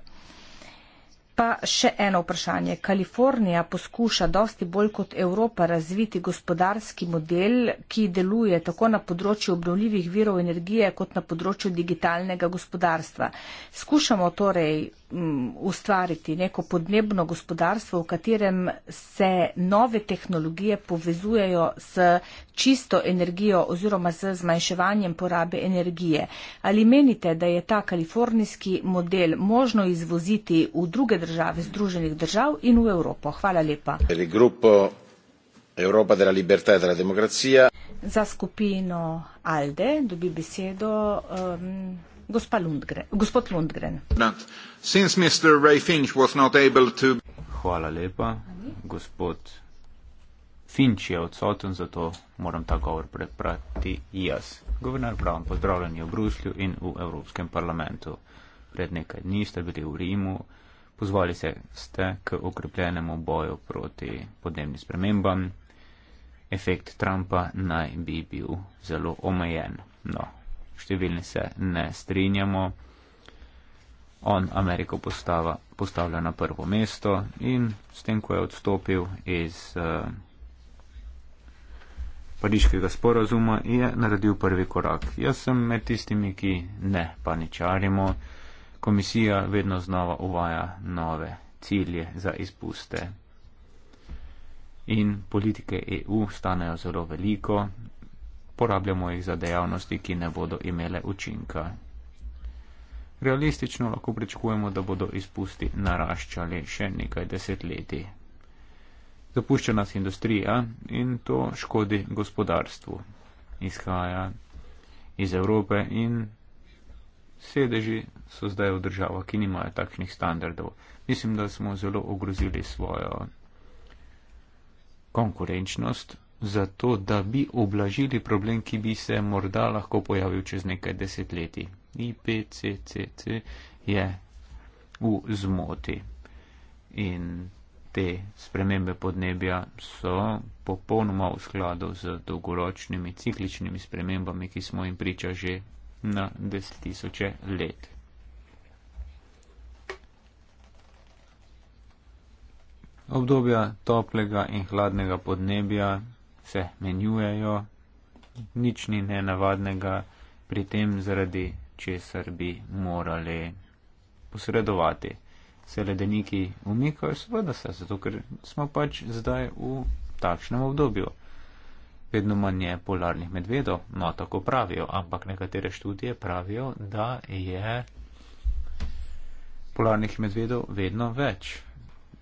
Pa še eno vprašanje. Kalifornija poskuša dosti bolj kot Evropa razviti gospodarski model, ki deluje tako na področju obnovljivih virov energije kot na področju digitalnega gospodarstva. Skušamo torej ustvariti neko podnebno gospodarstvo, v katerem se nove tehnologije povezujejo s čisto energijo oziroma z zmanjševanjem porabe energije. Ali menite, da je ta kalifornijski model možno izvoziti v druge države, Združenih držav in v Evropo? Hvala lepa. Evropa della libertà e della democrazia. Za skupino ALDE dobi besedo um, gospod Lundgren. Hvala lepa. Gospod Finč je odsoten, zato moram ta govor preprati jaz. Govornar Brown, pozdravljeni v Bruslju in v Evropskem parlamentu. Pred nekaj dni ste bili v Rimu, pozvali se ste k okrepljenemu boju proti podnebnim spremembam. Efekt Trumpa naj bi bil zelo omejen. No, številni se ne strinjamo. On Ameriko postava, postavlja na prvo mesto in s tem, ko je odstopil iz uh, pariškega sporazuma, je naredil prvi korak. Jaz sem med tistimi, ki ne paničarimo. Komisija vedno znova uvaja nove cilje za izpuste. In politike EU stanejo zelo veliko uporabljamo jih za dejavnosti, ki ne bodo imele učinka. Realistično lahko pričakujemo, da bodo izpusti naraščali še nekaj desetletij. Zapušča nas industrija in to škodi gospodarstvu. Izhaja iz Evrope in sedeži so zdaj v državah, ki nimajo takšnih standardov. Mislim, da smo zelo ogrozili svojo konkurenčnost zato, da bi oblažili problem, ki bi se morda lahko pojavil čez nekaj desetletij. IPCCC je v zmoti in te spremembe podnebja so popolnoma v skladu z dolgoročnimi cikličnimi spremembami, ki smo jim priča že na desetisoče let. Obdobja toplega in hladnega podnebja se menjujejo, nič ni nenavadnega pri tem, zaradi česar bi morali posredovati. Se ledeniki umikajo, seveda se, zato ker smo pač zdaj v takšnem obdobju. Vedno manj je polarnih medvedov, no tako pravijo, ampak nekatere študije pravijo, da je polarnih medvedov vedno več.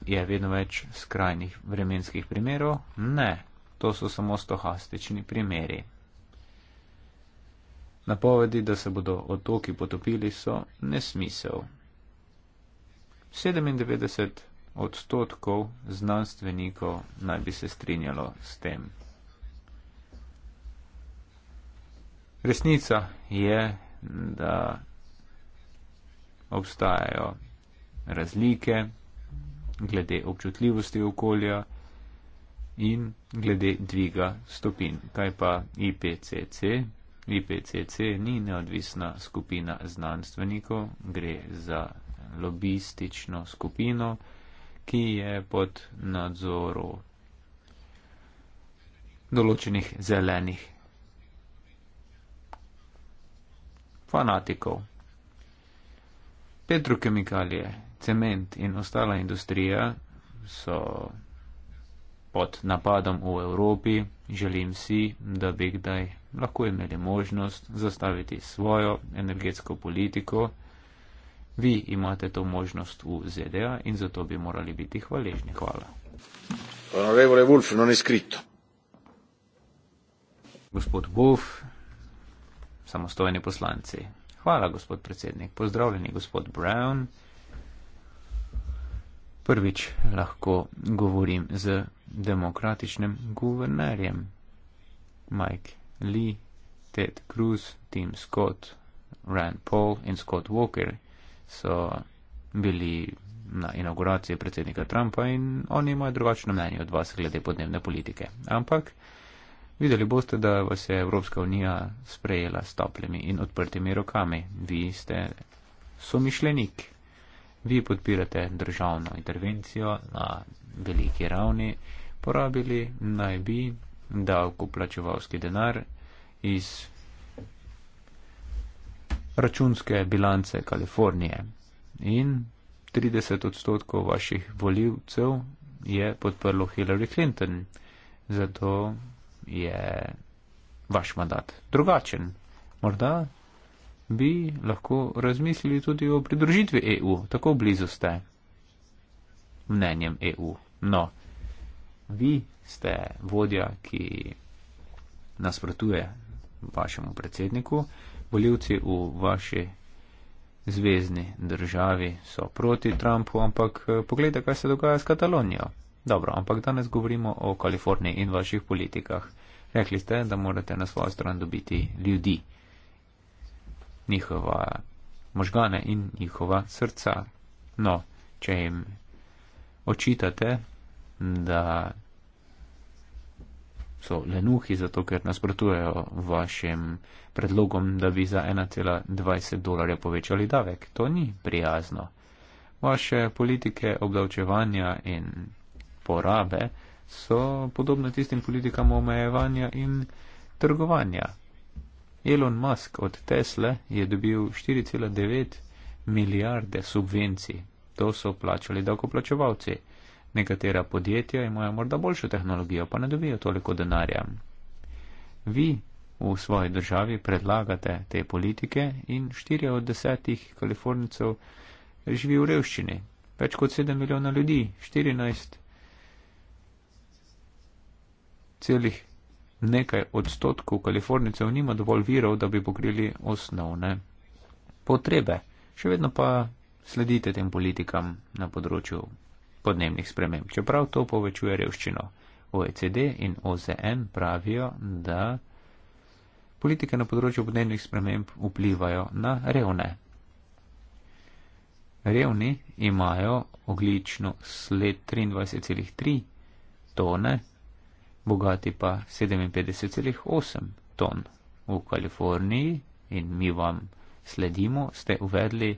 Je vedno več skrajnih vremenskih primerov? Ne, To so samo stohastični primeri. Napovedi, da se bodo otoki potopili, so nesmisel. 97 odstotkov znanstvenikov naj bi se strinjalo s tem. Resnica je, da obstajajo razlike glede občutljivosti okolja in glede dviga stopin. Kaj pa IPCC? IPCC ni neodvisna skupina znanstvenikov, gre za lobistično skupino, ki je pod nadzorom določenih zelenih fanatikov. Petrokemikalije, cement in ostala industrija so pod napadom v Evropi, želim si, da bi kdaj lahko imeli možnost zastaviti svojo energetsko politiko. Vi imate to možnost v ZDA in zato bi morali biti hvaležni. Hvala. Wolf, non gospod Wolf, samostojni poslanci. Hvala, gospod predsednik. Pozdravljeni, gospod Brown prvič lahko govorim z demokratičnim guvernerjem. Mike Lee, Ted Cruz, Tim Scott, Rand Paul in Scott Walker so bili na inauguraciji predsednika Trumpa in oni imajo drugačno mnenje od vas glede podnebne politike. Ampak videli boste, da vas je Evropska unija sprejela s toplimi in odprtimi rokami. Vi ste somišljenik vi podpirate državno intervencijo na veliki ravni, porabili naj bi davkoplačevalski denar iz računske bilance Kalifornije. In 30 odstotkov vaših voljivcev je podprlo Hillary Clinton, zato je vaš mandat drugačen. Morda bi lahko razmislili tudi o pridružitvi EU, tako blizu ste mnenjem EU. No, vi ste vodja, ki nasprotuje vašemu predsedniku, voljivci v vaši zvezdni državi so proti Trumpu, ampak eh, pogledajte, kaj se dogaja s Katalonijo. Dobro, ampak danes govorimo o Kaliforniji in vaših politikah. Rekli ste, da morate na svojo stran dobiti ljudi njihova možgane in njihova srca. No, če jim očitate, da so lenuhi zato, ker nasprotujejo vašim predlogom, da bi za 1,20 dolarja povečali davek. To ni prijazno. Vaše politike obdavčevanja in porabe so podobne tistim politikam omejevanja in trgovanja. Elon Musk od Tesla je dobil 4,9 milijarde subvencij. To so plačali davkoplačevalci. Nekatera podjetja imajo morda boljšo tehnologijo, pa ne dobijo toliko denarja. Vi v svoji državi predlagate te politike in štirje od desetih kalifornicev živi v revščini. Več kot sedem milijona ljudi, 14 celih nekaj odstotkov Kalifornicev nima dovolj virov, da bi pokrili osnovne potrebe. Še vedno pa sledite tem politikam na področju podnebnih sprememb, čeprav to povečuje revščino. OECD in OZN pravijo, da politike na področju podnebnih sprememb vplivajo na revne. Revni imajo oglično sled 23,3 tone bogati pa 57,8 ton. V Kaliforniji in mi vam sledimo, ste uvedli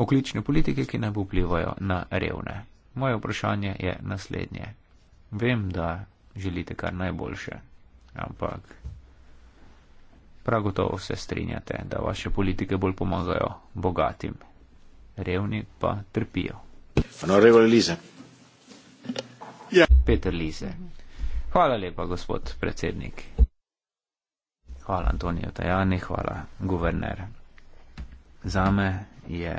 oklične politike, ki ne vplivajo na revne. Moje vprašanje je naslednje. Vem, da želite kar najboljše, ampak prav gotovo se strinjate, da vaše politike bolj pomagajo bogatim, revni pa trpijo. Ja. Peter Lize. Mhm. Hvala lepa, gospod predsednik. Hvala, Antonijo Tajani, hvala, guverner. Za me je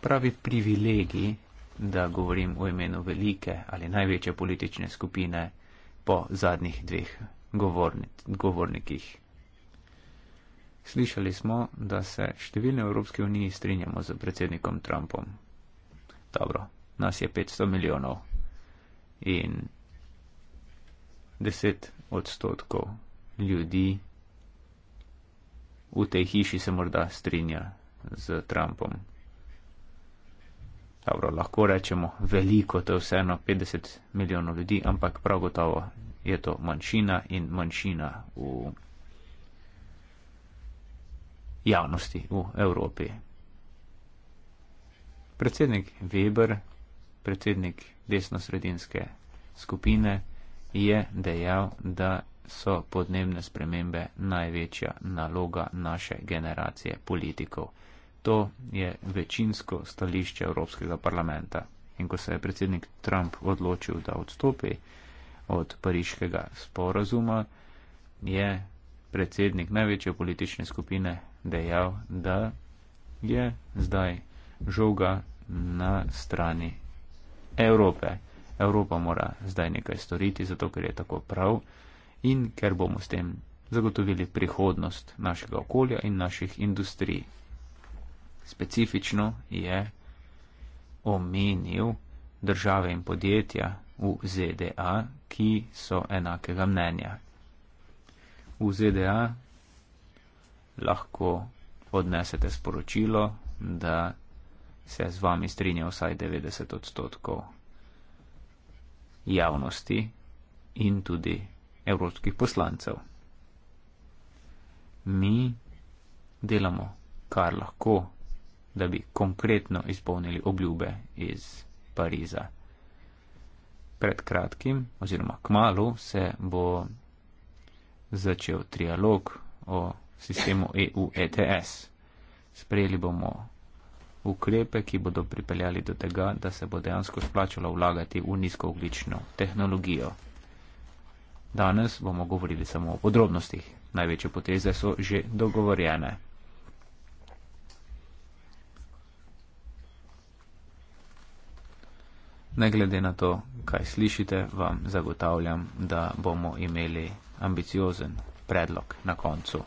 pravi privilegij, da govorim v imenu velike ali največje politične skupine po zadnjih dveh govornikih. Slišali smo, da se številne v Evropski uniji strinjamo z predsednikom Trumpom. Dobro, nas je 500 milijonov in 10 odstotkov ljudi v tej hiši se morda strinja z Trumpom. Dobro, lahko rečemo veliko, to je vseeno 50 milijonov ljudi, ampak prav gotovo je to manjšina in manjšina v javnosti v Evropi. Predsednik Weber, predsednik desno-sredinske skupine, je dejal, da so podnebne spremembe največja naloga naše generacije politikov. To je večinsko stališče Evropskega parlamenta. In ko se je predsednik Trump odločil, da odstopi od pariškega sporazuma, je predsednik največje politične skupine dejal, da je zdaj žoga na strani Evrope. Evropa mora zdaj nekaj storiti, zato ker je tako prav in ker bomo s tem zagotovili prihodnost našega okolja in naših industrij. Specifično je omenil države in podjetja v ZDA, ki so enakega mnenja. V ZDA lahko odnesete sporočilo, da se z vami strinja vsaj 90 odstotkov javnosti in tudi evropskih poslancev. Mi delamo, kar lahko, da bi konkretno izpolnili obljube iz Pariza. Pred kratkim oziroma kmalo se bo začel trialog o sistemu EU ETS. Sprejeli bomo ukrepe, ki bodo pripeljali do tega, da se bo dejansko splačalo vlagati v nizkooglično tehnologijo. Danes bomo govorili samo o podrobnostih. Največje poteze so že dogovorjene. Ne glede na to, kaj slišite, vam zagotavljam, da bomo imeli ambiciozen predlog na koncu.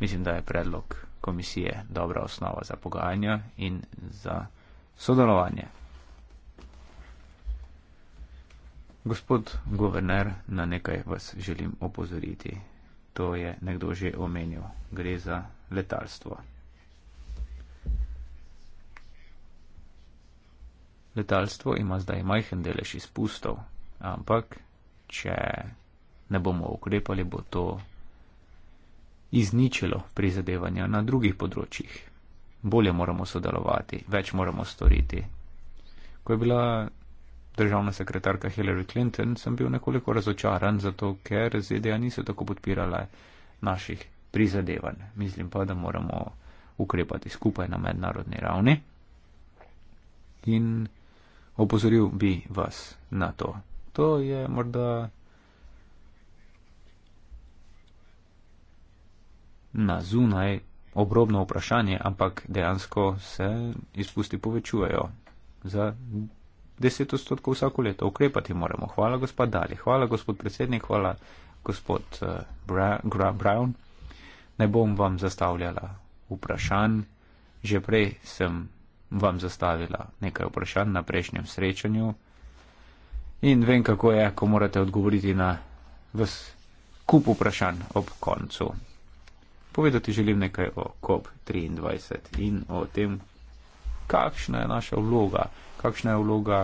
Mislim, da je predlog komisije dobra osnova za pogajanja in za sodelovanje. Gospod guverner, na nekaj vas želim opozoriti. To je nekdo že omenil. Gre za letalstvo. Letalstvo ima zdaj majhen delež izpustov, ampak če ne bomo ukrepali, bo to izničilo prizadevanja na drugih področjih. Bolje moramo sodelovati, več moramo storiti. Ko je bila državna sekretarka Hillary Clinton, sem bil nekoliko razočaran, zato ker ZDA niso tako podpirale naših prizadevanj. Mislim pa, da moramo ukrepati skupaj na mednarodni ravni. In opozoril bi vas na to. To je morda na zunaj obrobno vprašanje, ampak dejansko se izpusti povečujejo za 10 odstotkov vsako leto. Ukrepati moramo. Hvala, gospod Dali. Hvala, gospod predsednik. Hvala, gospod eh, Bra Brown. Ne bom vam zastavljala vprašanj. Že prej sem vam zastavila nekaj vprašanj na prejšnjem srečanju in vem, kako je, ko morate odgovoriti na vse kup vprašanj ob koncu. Povedati želim nekaj o COP23 in o tem, kakšna je naša vloga, kakšna je vloga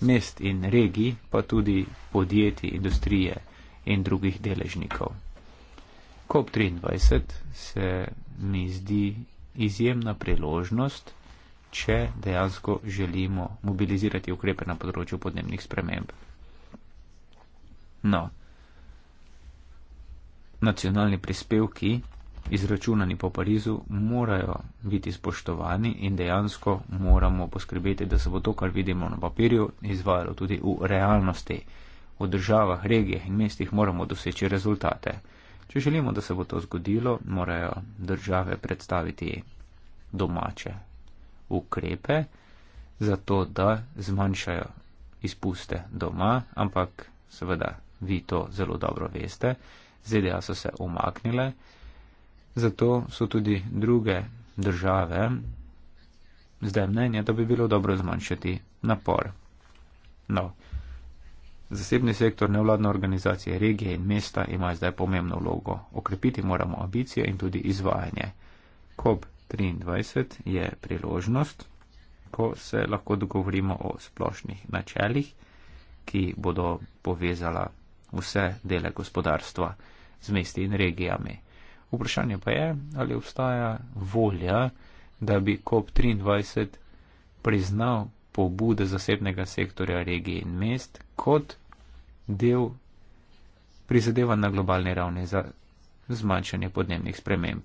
mest in regij, pa tudi podjetij, industrije in drugih deležnikov. COP23 se mi zdi izjemna priložnost, če dejansko želimo mobilizirati ukrepe na področju podnebnih sprememb. No, nacionalni prispevki, izračunani po Parizu, morajo biti spoštovani in dejansko moramo poskrbeti, da se bo to, kar vidimo na papirju, izvajalo tudi v realnosti. V državah, regijah in mestih moramo doseči rezultate. Če želimo, da se bo to zgodilo, morajo države predstaviti domače ukrepe, zato da zmanjšajo izpuste doma, ampak seveda vi to zelo dobro veste. ZDA so se umaknile, zato so tudi druge države zdaj mnenje, da bi bilo dobro zmanjšati napor. No, zasebni sektor, nevladne organizacije, regije in mesta imajo zdaj pomembno vlogo. Okrepiti moramo ambicije in tudi izvajanje. COP23 je priložnost, ko se lahko dogovorimo o splošnih načelih, ki bodo povezala vse dele gospodarstva z mesti in regijami. Vprašanje pa je, ali obstaja volja, da bi COP23 priznal pobude zasebnega sektorja regij in mest kot del prizadeva na globalni ravni za zmanjšanje podnebnih sprememb.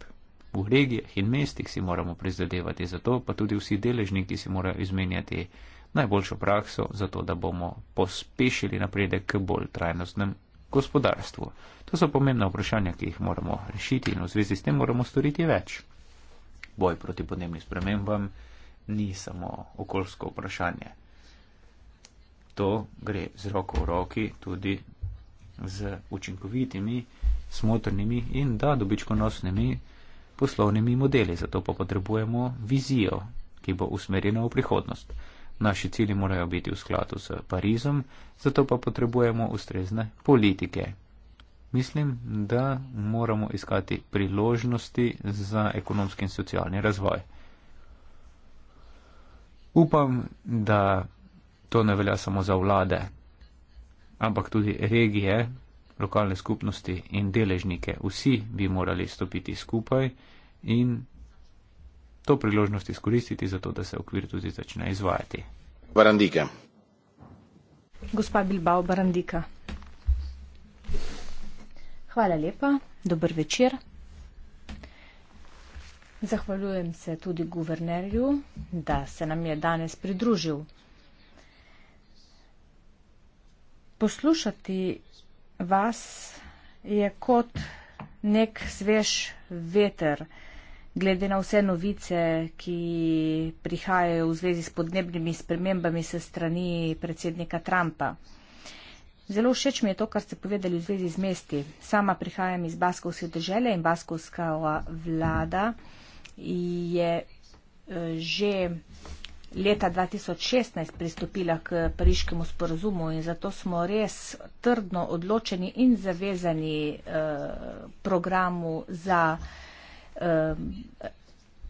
V regijah in mestih si moramo prizadevati za to, pa tudi vsi deležniki si morajo izmenjati najboljšo prakso, zato da bomo pospešili napredek k bolj trajnostnem gospodarstvu. To so pomembna vprašanja, ki jih moramo rešiti in v zvezi s tem moramo storiti več. Boj proti podnebnim spremembam ni samo okoljsko vprašanje. To gre z roko v roki tudi z učinkovitimi, smotrnimi in da dobičkonosnimi poslovnimi modeli. Zato pa potrebujemo vizijo, ki bo usmerjena v prihodnost. Naši cilji morajo biti v skladu s Parizom, zato pa potrebujemo ustrezne politike. Mislim, da moramo iskati priložnosti za ekonomski in socialni razvoj. Upam, da to ne velja samo za vlade, ampak tudi regije, lokalne skupnosti in deležnike. Vsi bi morali stopiti skupaj in to priložnost izkoristiti zato, da se okvir tudi začne izvajati. Barandike. Gospa Bilbao Barandika. Hvala lepa, dober večer. Zahvaljujem se tudi guvernerju, da se nam je danes pridružil. Poslušati vas je kot nek svež veter glede na vse novice, ki prihajajo v zvezi s podnebnimi spremembami se strani predsednika Trumpa. Zelo všeč mi je to, kar ste povedali v zvezi z mesti. Sama prihajam iz Baskovske države in Baskovska vlada je eh, že leta 2016 pristopila k pariškemu sporazumu in zato smo res trdno odločeni in zavezani eh, programu za Um,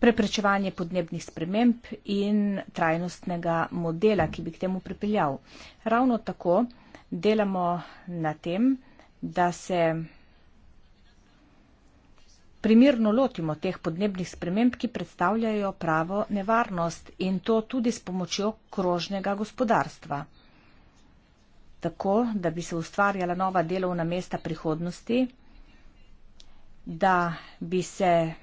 preprečevanje podnebnih sprememb in trajnostnega modela, ki bi k temu pripeljal. Ravno tako delamo na tem, da se primirno lotimo teh podnebnih sprememb, ki predstavljajo pravo nevarnost in to tudi s pomočjo krožnega gospodarstva. Tako, da bi se ustvarjala nova delovna mesta prihodnosti, da bi se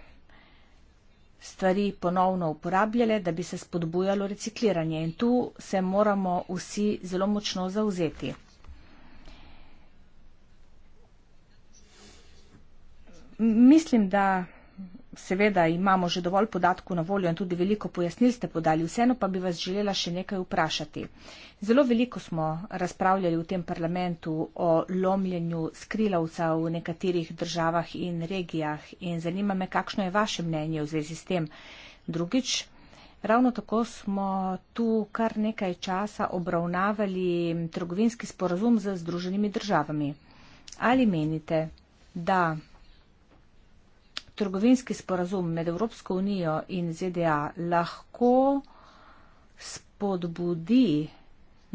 stvari ponovno uporabljale, da bi se spodbujalo recikliranje. In tu se moramo vsi zelo močno zauzeti. Mislim, da seveda imamo že dovolj podatkov na voljo in tudi veliko pojasnil ste podali, vseeno pa bi vas želela še nekaj vprašati. Zelo veliko smo razpravljali v tem parlamentu o lomljenju skrilavca v nekaterih državah in regijah in zanima me, kakšno je vaše mnenje v zvezi s tem. Drugič, ravno tako smo tu kar nekaj časa obravnavali trgovinski sporazum z združenimi državami. Ali menite, da trgovinski sporazum med Evropsko unijo in ZDA lahko spodbudi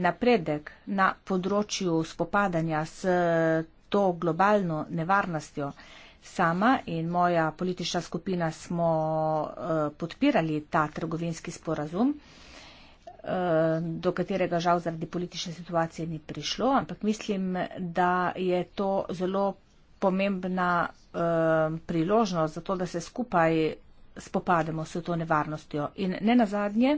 napredek na področju spopadanja s to globalno nevarnostjo. Sama in moja politična skupina smo eh, podpirali ta trgovinski sporazum, eh, do katerega žal zaradi politične situacije ni prišlo, ampak mislim, da je to zelo pomembna uh, priložnost za to, da se skupaj spopademo s to nevarnostjo. In ne nazadnje,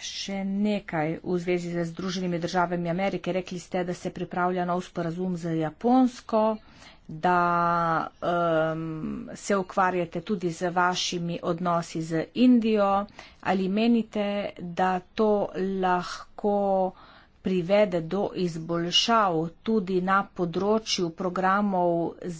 še nekaj v zvezi z Združenimi državami Amerike. Rekli ste, da se pripravlja nov sporazum z Japonsko, da um, se ukvarjate tudi z vašimi odnosi z Indijo. Ali menite, da to lahko privede do izboljšav tudi na področju programov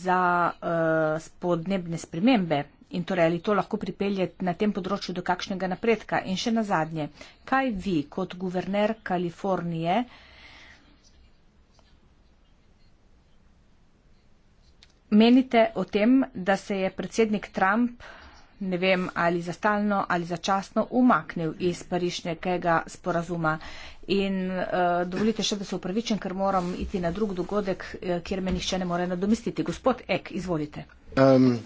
za uh, podnebne spremembe in torej ali to lahko pripelje na tem področju do kakšnega napredka. In še na zadnje, kaj vi kot guverner Kalifornije menite o tem, da se je predsednik Trump uh, ne vem, ali za stalno ali začasno umaknil iz parišnjega sporazuma. In uh, dovolite še, da se upravičim, ker moram iti na drug dogodek, eh, kjer me nihče ne more nadomestiti. Gospod Ek, izvolite. Um,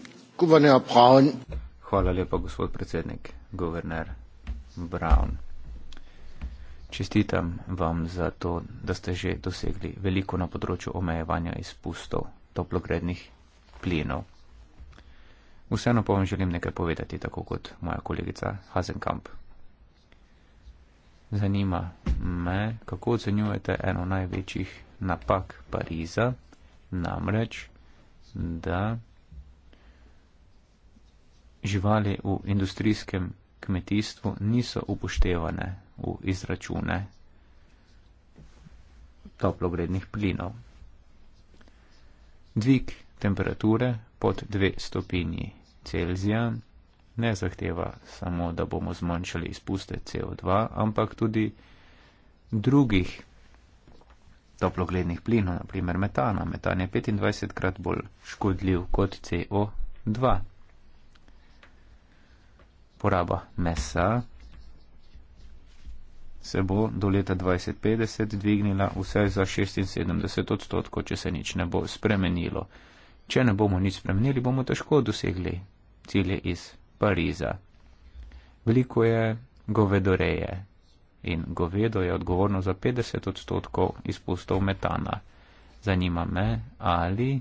Hvala lepa, gospod predsednik, guverner Brown. Čestitam vam za to, da ste že dosegli veliko na področju omejevanja izpustov toplogrednih plinov. Vseeno pa vam želim nekaj povedati, tako kot moja kolegica Hazenkamp. Zanima me, kako ocenjujete eno največjih napak Pariza, namreč, da živali v industrijskem kmetijstvu niso upoštevane v izračune toplogrednih plinov. Dvig temperature pod dve stopinji Celzija ne zahteva samo, da bomo zmanjšali izpuste CO2, ampak tudi drugih toplogrednih plinov, naprimer metana. Metan je 25 krat bolj škodljiv kot CO2. Poraba mesa se bo do leta 2050 dvignila vse za 76 odstotkov, če se nič ne bo spremenilo. Če ne bomo nič spremenili, bomo težko dosegli cilje iz Pariza. Veliko je govedoreje in govedo je odgovorno za 50 odstotkov izpustov metana. Zanima me, ali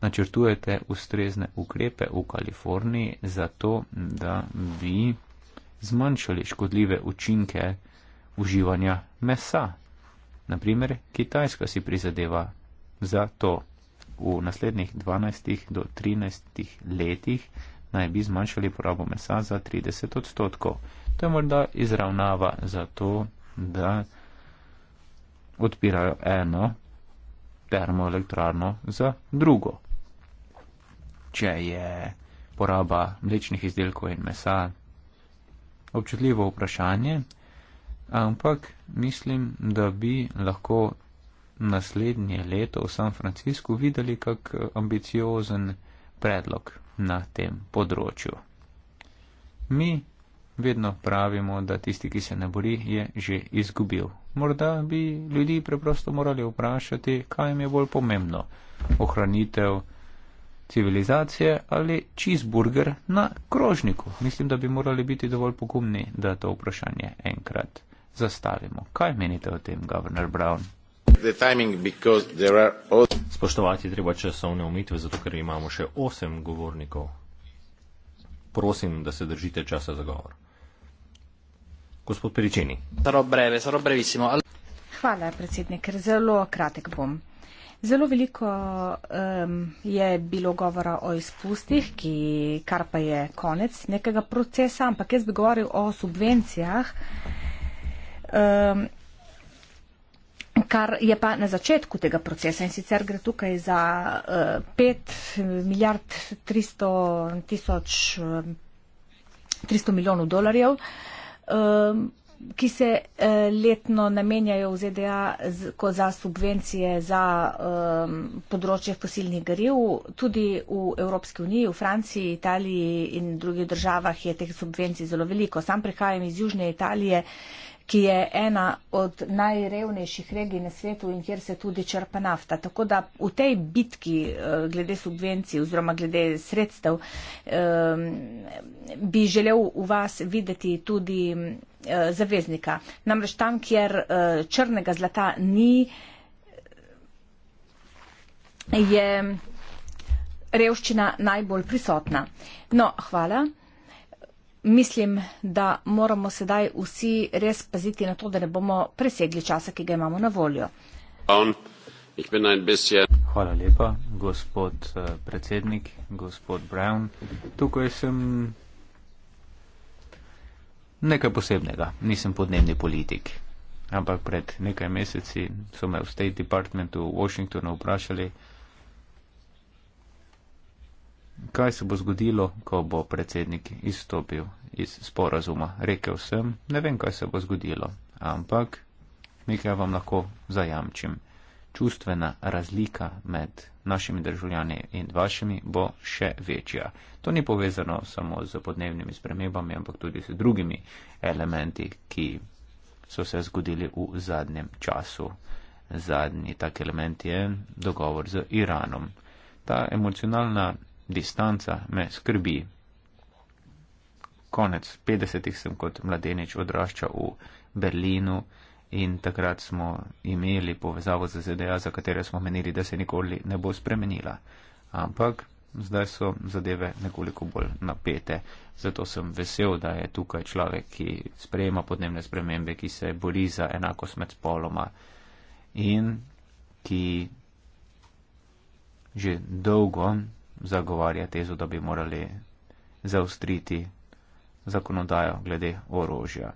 načrtujete ustrezne ukrepe v Kaliforniji za to, da bi zmanjšali škodljive učinke uživanja mesa. Naprimer, Kitajska si prizadeva za to. V naslednjih 12 do 13 letih naj bi zmanjšali porabo mesa za 30 odstotkov. To je morda izravnava za to, da odpirajo eno termoelektrarno za drugo. Če je poraba mlečnih izdelkov in mesa občutljivo vprašanje, ampak mislim, da bi lahko naslednje leto v San Francisku videli kak eh, ambiciozen predlog na tem področju. Mi vedno pravimo, da tisti, ki se ne bori, je že izgubil. Morda bi ljudi preprosto morali vprašati, kaj jim je bolj pomembno - ohranitev civilizacije ali čizburger na krožniku. Mislim, da bi morali biti dovolj pogumni, da to vprašanje enkrat zastavimo. Kaj menite o tem, Governor Brown? Spoštovati treba časovne omitve, zato ker imamo še osem govornikov. Prosim, da se držite časa za govor. Gospod Peričeni. Zelo breve, zelo brevisimo. Hvala, predsednik, ker zelo kratek bom. Zelo veliko um, je bilo govora o izpustih, ki, kar pa je konec nekega procesa, ampak jaz bi govoril o subvencijah. Um, kar je pa na začetku tega procesa in sicer gre tukaj za 5 eh, eh, milijard 300 tisoč 300 eh, milijonov dolarjev, ki se letno namenjajo v ZDA za subvencije za področje fosilnih goriv. Tudi v Evropski uniji, v Franciji, Italiji in drugih državah je teh subvencij zelo veliko. Sam prihajam iz Južne Italije ki je ena od najrevnejših regij na svetu in kjer se tudi črpa nafta. Tako da v tej bitki eh, glede subvencij oziroma glede sredstev bi želel v vas videti tudi eh, zaveznika. Namreč tam, kjer eh, črnega zlata ni, je revščina najbolj prisotna. No, hvala mislim, da moramo sedaj vsi res paziti na to, da ne bomo presegli časa, ki ga imamo na voljo. Hvala lepa, gospod eh, predsednik, gospod Brown. Tukaj sem nekaj posebnega, nisem podnebni politik. Ampak pred nekaj meseci so me v State Departmentu v Washingtonu vprašali, kaj se bo zgodilo, ko bo predsednik izstopil iz sporazuma. Rekel sem, ne vem, kaj se bo zgodilo, ampak nekaj vam lahko zajamčim. Čustvena razlika med našimi državljani in vašimi bo še večja. To ni povezano samo z podnebnimi spremembami, ampak tudi z drugimi elementi, ki so se zgodili v zadnjem času. Zadnji tak element je dogovor z Iranom. Ta emocionalna distanca me skrbi. Konec 50-ih sem kot mladenič odraščal v Berlinu in takrat smo imeli povezavo z ZDA, za katero smo menili, da se nikoli ne bo spremenila. Ampak zdaj so zadeve nekoliko bolj napete. Zato sem vesel, da je tukaj človek, ki sprejema podnebne spremembe, ki se bori za enako smet spoloma in ki že dolgo zagovarja tezo, da bi morali zaustriti zakonodajo glede orožja.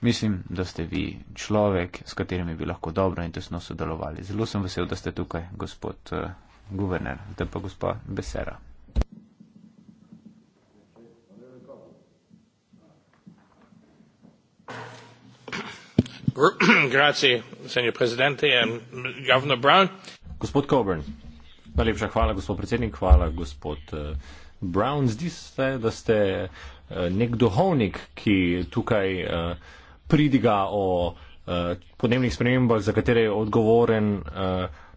Mislim, da ste vi človek, s katerimi bi lahko dobro in tesno sodelovali. Zelo sem vesel, da ste tukaj, gospod uh, guverner, te pa gospa Besera. Grazie, signor Presidente, um, Governor Brown. Gospod Coburn, najlepša hvala, gospod predsednik, hvala, gospod eh, Brown. Zdi se, da ste eh, nek duhovnik, ki tukaj eh, pridiga o podnebnih spremembah, za katere je odgovoren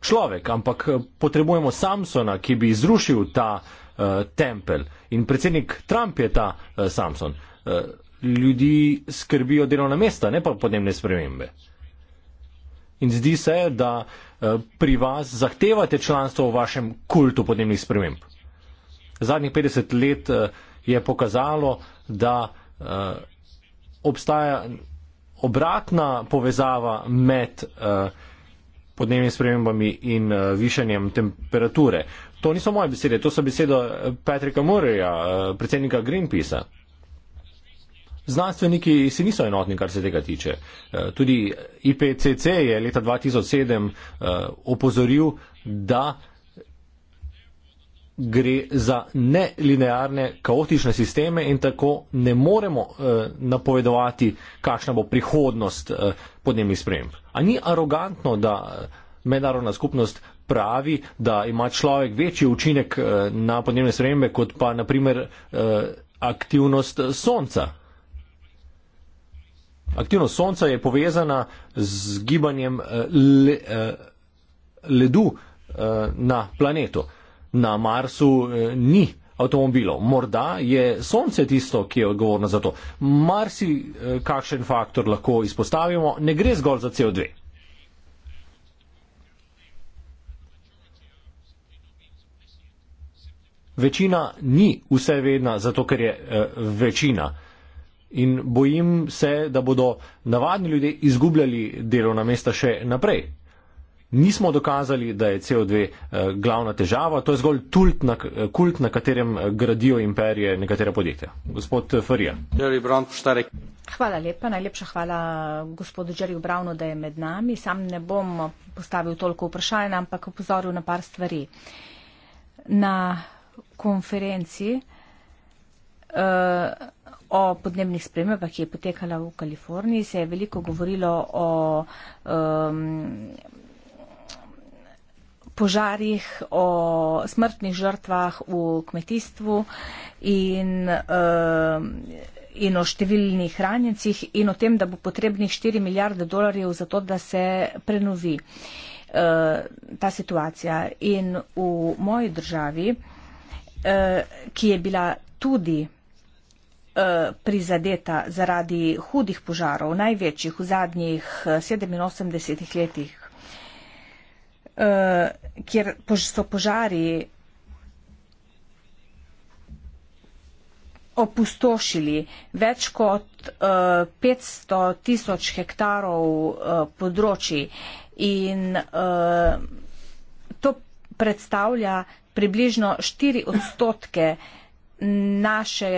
človek, ampak potrebujemo Samsona, ki bi zrušil ta tempel. In predsednik Trump je ta Samson. Ljudi skrbijo delovna mesta, ne pa podnebne spremembe. In zdi se, da uh, Eh, pri vas zahtevate članstvo v vašem kultu podnebnih sprememb. Zadnjih 50 let eh, je pokazalo, da eh, obstaja obratna povezava med podnebnimi spremembami in višanjem temperature. To niso moje besede, to so besede Patrika Murraya, predsednika Greenpeacea. Znanstveniki si niso enotni, kar se tega tiče. Eh, tudi IPCC je leta 2007 eh, opozoril, da gre za nelinearne, kaotične sisteme in tako ne moremo eh, napovedovati, kakšna bo prihodnost podnebnih sprememb. A ni arogantno, da mednarodna skupnost pravi, da ima človek večji učinek na podnebne spremembe, kot pa naprimer aktivnost sonca? Aktivnost Sonca je povezana z gibanjem eh, le, eh, ledu eh, na planetu. Na Marsu ni avtomobilov. Morda je Sonce tisto, ki je odgovorno za to. Marsi kakšen faktor lahko izpostavimo, ne gre zgolj za CO2. Večina ni vse vedna, zato ker je večina in bojim se, da bodo navadni ljudje izgubljali delovna mesta še naprej. Nismo dokazali, da je CO2 eh, glavna težava, to je zgolj na, eh, kult, na katerem eh, gradijo imperije nekatera podjetja. Gospod Farija. Hvala lepa, najlepša hvala gospodu Jerryju Brownu, da je med nami. Sam ne bom postavil toliko vprašanj, ampak upozoril na par stvari. Na konferenci. Uh, o podnebnih spremembah, ki je potekala v Kaliforniji, se je veliko govorilo o um, požarih, o smrtnih žrtvah v kmetijstvu in, um, in o številnih ranjencih in o tem, da bo potrebnih 4 milijarde dolarjev za to, da se prenovi uh, ta situacija. In v moji državi, uh, ki je bila tudi Eh, prizadeta zaradi hudih požarov, največjih v zadnjih 87 eh, letih, eh, kjer so požari opustošili več kot 500 tisoč hektarov področji in to predstavlja približno 4 odstotke naše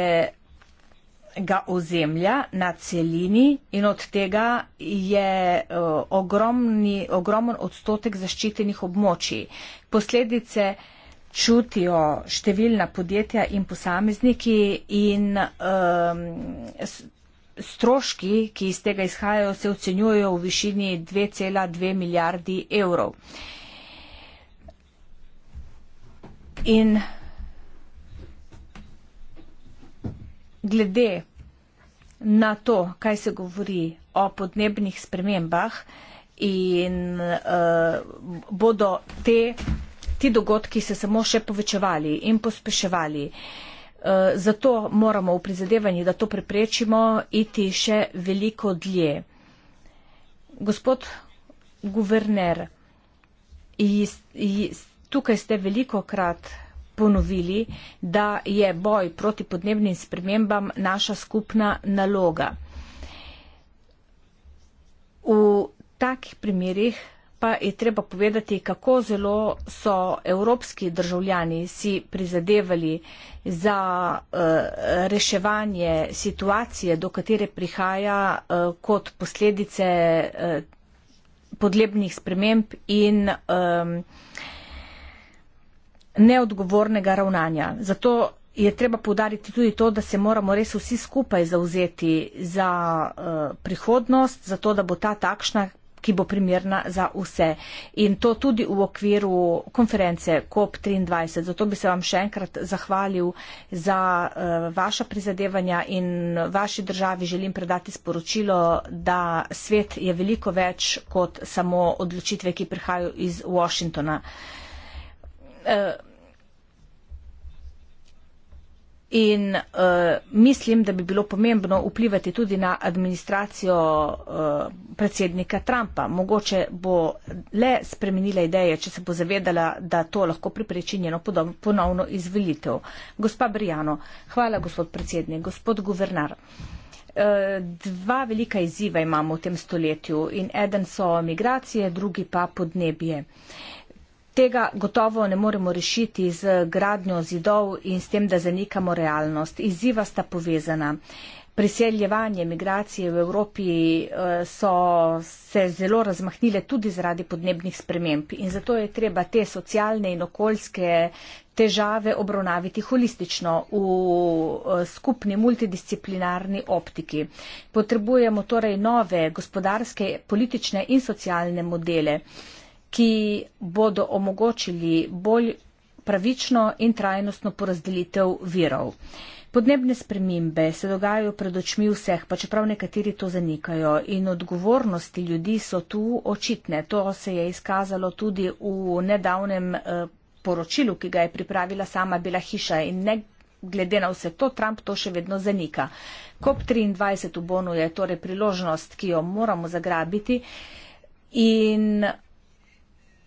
ga ozemlja na celini in od tega je uh, ogromni, ogromen odstotek zaščitenih območij. Posledice čutijo številna podjetja in posamezniki in um, stroški, ki iz tega izhajajo, se ocenjujejo v višini 2,2 milijardi evrov. In glede na to, kaj se govori o podnebnih spremembah in uh, bodo te, ti dogodki se samo še povečevali in pospeševali. Uh, zato moramo v prizadevanji, da to preprečimo, iti še veliko dlje. Gospod guverner, iz, iz, tukaj ste veliko krat ponovili, da je boj proti podnebnim spremembam naša skupna naloga. V takih primerjih pa je treba povedati, kako zelo so evropski državljani si prizadevali za uh, reševanje situacije, do katere prihaja uh, kot posledice uh, eh, podlebnih sprememb in um, neodgovornega ravnanja. Zato je treba povdariti tudi to, da se moramo res vsi skupaj zauzeti za uh, prihodnost, za to, da bo ta takšna, ki bo primerna za vse. In to tudi v okviru konference COP23. Zato bi se vam še enkrat zahvalil za uh, vaša prizadevanja in vaši državi želim predati sporočilo, da svet je veliko več kot samo odločitve, ki prihajajo iz Washingtona. Uh, Eh, in uh, mislim, da bi bilo pomembno vplivati tudi na administracijo uh, predsednika Trumpa. Mogoče bo le spremenila ideje, če se bo zavedala, da to lahko pripreči njeno ponovno izvolitev. Gospa Briano, hvala gospod predsednik, gospod guvernar. Dva velika izziva imamo v tem stoletju in eden so migracije, drugi pa podnebje. Tega gotovo ne moremo rešiti z gradnjo zidov in s tem, da zanikamo realnost. Izziva sta povezana. Priseljevanje, migracije v Evropi eh, so se zelo razmahnile tudi zaradi podnebnih sprememb in zato je treba te socialne in okoljske težave obravnaviti holistično v eh, skupni multidisciplinarni optiki. Potrebujemo torej nove gospodarske, politične in socialne modele ki bodo omogočili bolj pravično in trajnostno porazdelitev virov. Podnebne spremembe se dogajajo pred očmi vseh, pa čeprav nekateri to zanikajo in odgovornosti ljudi so tu očitne. To se je izkazalo tudi v nedavnem eh, poročilu, ki ga je pripravila sama Bela hiša in ne glede na vse to, Trump to še vedno zanika. COP23 v Bonu je torej priložnost, ki jo moramo zagrabiti in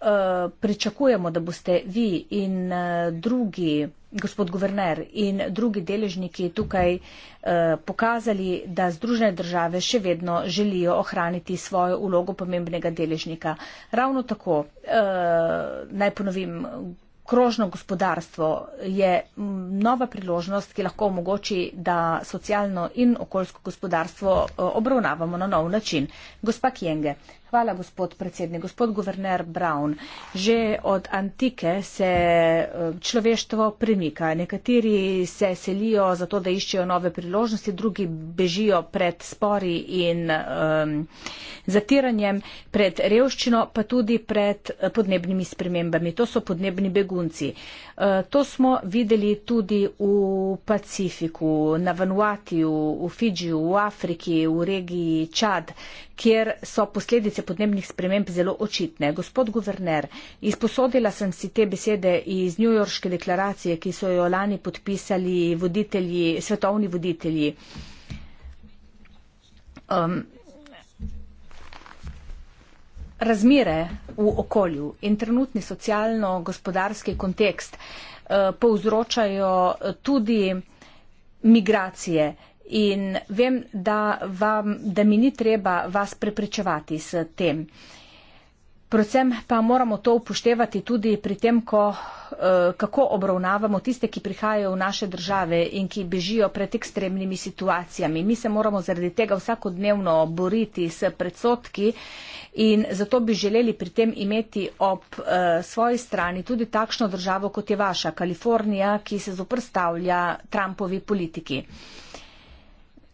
Eh, pričakujemo, da boste vi in eh, drugi, gospod guverner in drugi deležniki tukaj eh, pokazali, da Združene države še vedno želijo ohraniti svojo ulogo pomembnega deležnika. Ravno tako, naj ponovim, krožno gospodarstvo je nova priložnost, ki lahko omogoči, da socialno in okoljsko gospodarstvo obravnavamo na nov način. Gospa Kjenge, Hvala, gospod predsednik. Gospod guverner Brown, že od antike se eh, človeštvo premika. Nekateri se selijo zato, da iščejo nove priložnosti, drugi bežijo pred spori in um, zatiranjem, pred revščino, pa tudi pred eh, podnebnimi spremembami. To so podnebni begunci. Uh, to smo videli tudi v Pacifiku, na Vanuatiju, v Fidžiju, v Afriki, v regiji Čad, kjer so posledice posledice podnebnih sprememb zelo očitne. Gospod guverner, izposodila sem si te besede iz njujorške deklaracije, ki so jo lani podpisali voditelji, svetovni voditelji. Um, razmire v okolju in trenutni socialno-gospodarski kontekst uh, povzročajo tudi migracije in vem, da, vam, da mi ni treba vas preprečevati s tem. Predvsem pa moramo to upoštevati tudi pri tem, ko, eh, kako obravnavamo tiste, ki prihajajo v naše države in ki bežijo pred ekstremnimi situacijami. Mi se moramo zaradi tega vsakodnevno boriti s predsotki in zato bi želeli pri tem imeti ob eh, svoji strani tudi takšno državo, kot je vaša Kalifornija, ki se zoprstavlja Trumpovi politiki.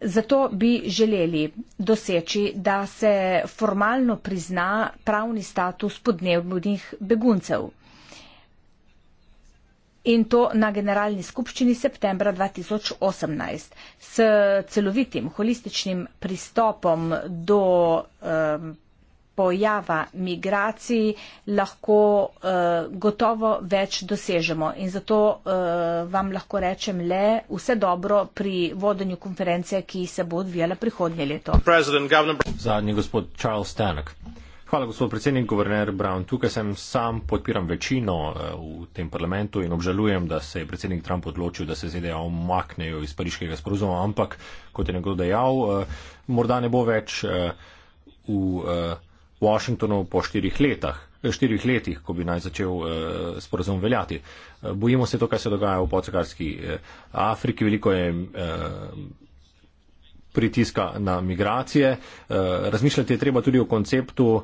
Zato bi želeli doseči, da se formalno prizna pravni status podnebnih beguncev. In to na generalni skupščini septembra 2018. S celovitim, holističnim pristopom do um, pojava migracij, lahko uh, gotovo več dosežemo. In zato uh, vam lahko rečem le vse dobro pri vodenju konference, ki se bo odvijala prihodnje leto. Zadnji gospod Charles Stanek. Hvala, gospod predsednik, guverner Brown. Tukaj sem sam, podpiram večino eh, v tem parlamentu in obžalujem, da se je predsednik Trump odločil, da se ZDA omaknejo iz pariškega sporozuma, ampak, kot je nekdo dejal, morda ne bo več v Washingtonu po štirih letih, eh, štirih letih ko bi naj začel eh, sporozum veljati. Eh, bojimo se to, kaj se dogaja v podsaharski eh, Afriki. Veliko je. Eh, pritiska na migracije. Eh, razmišljati je treba tudi o konceptu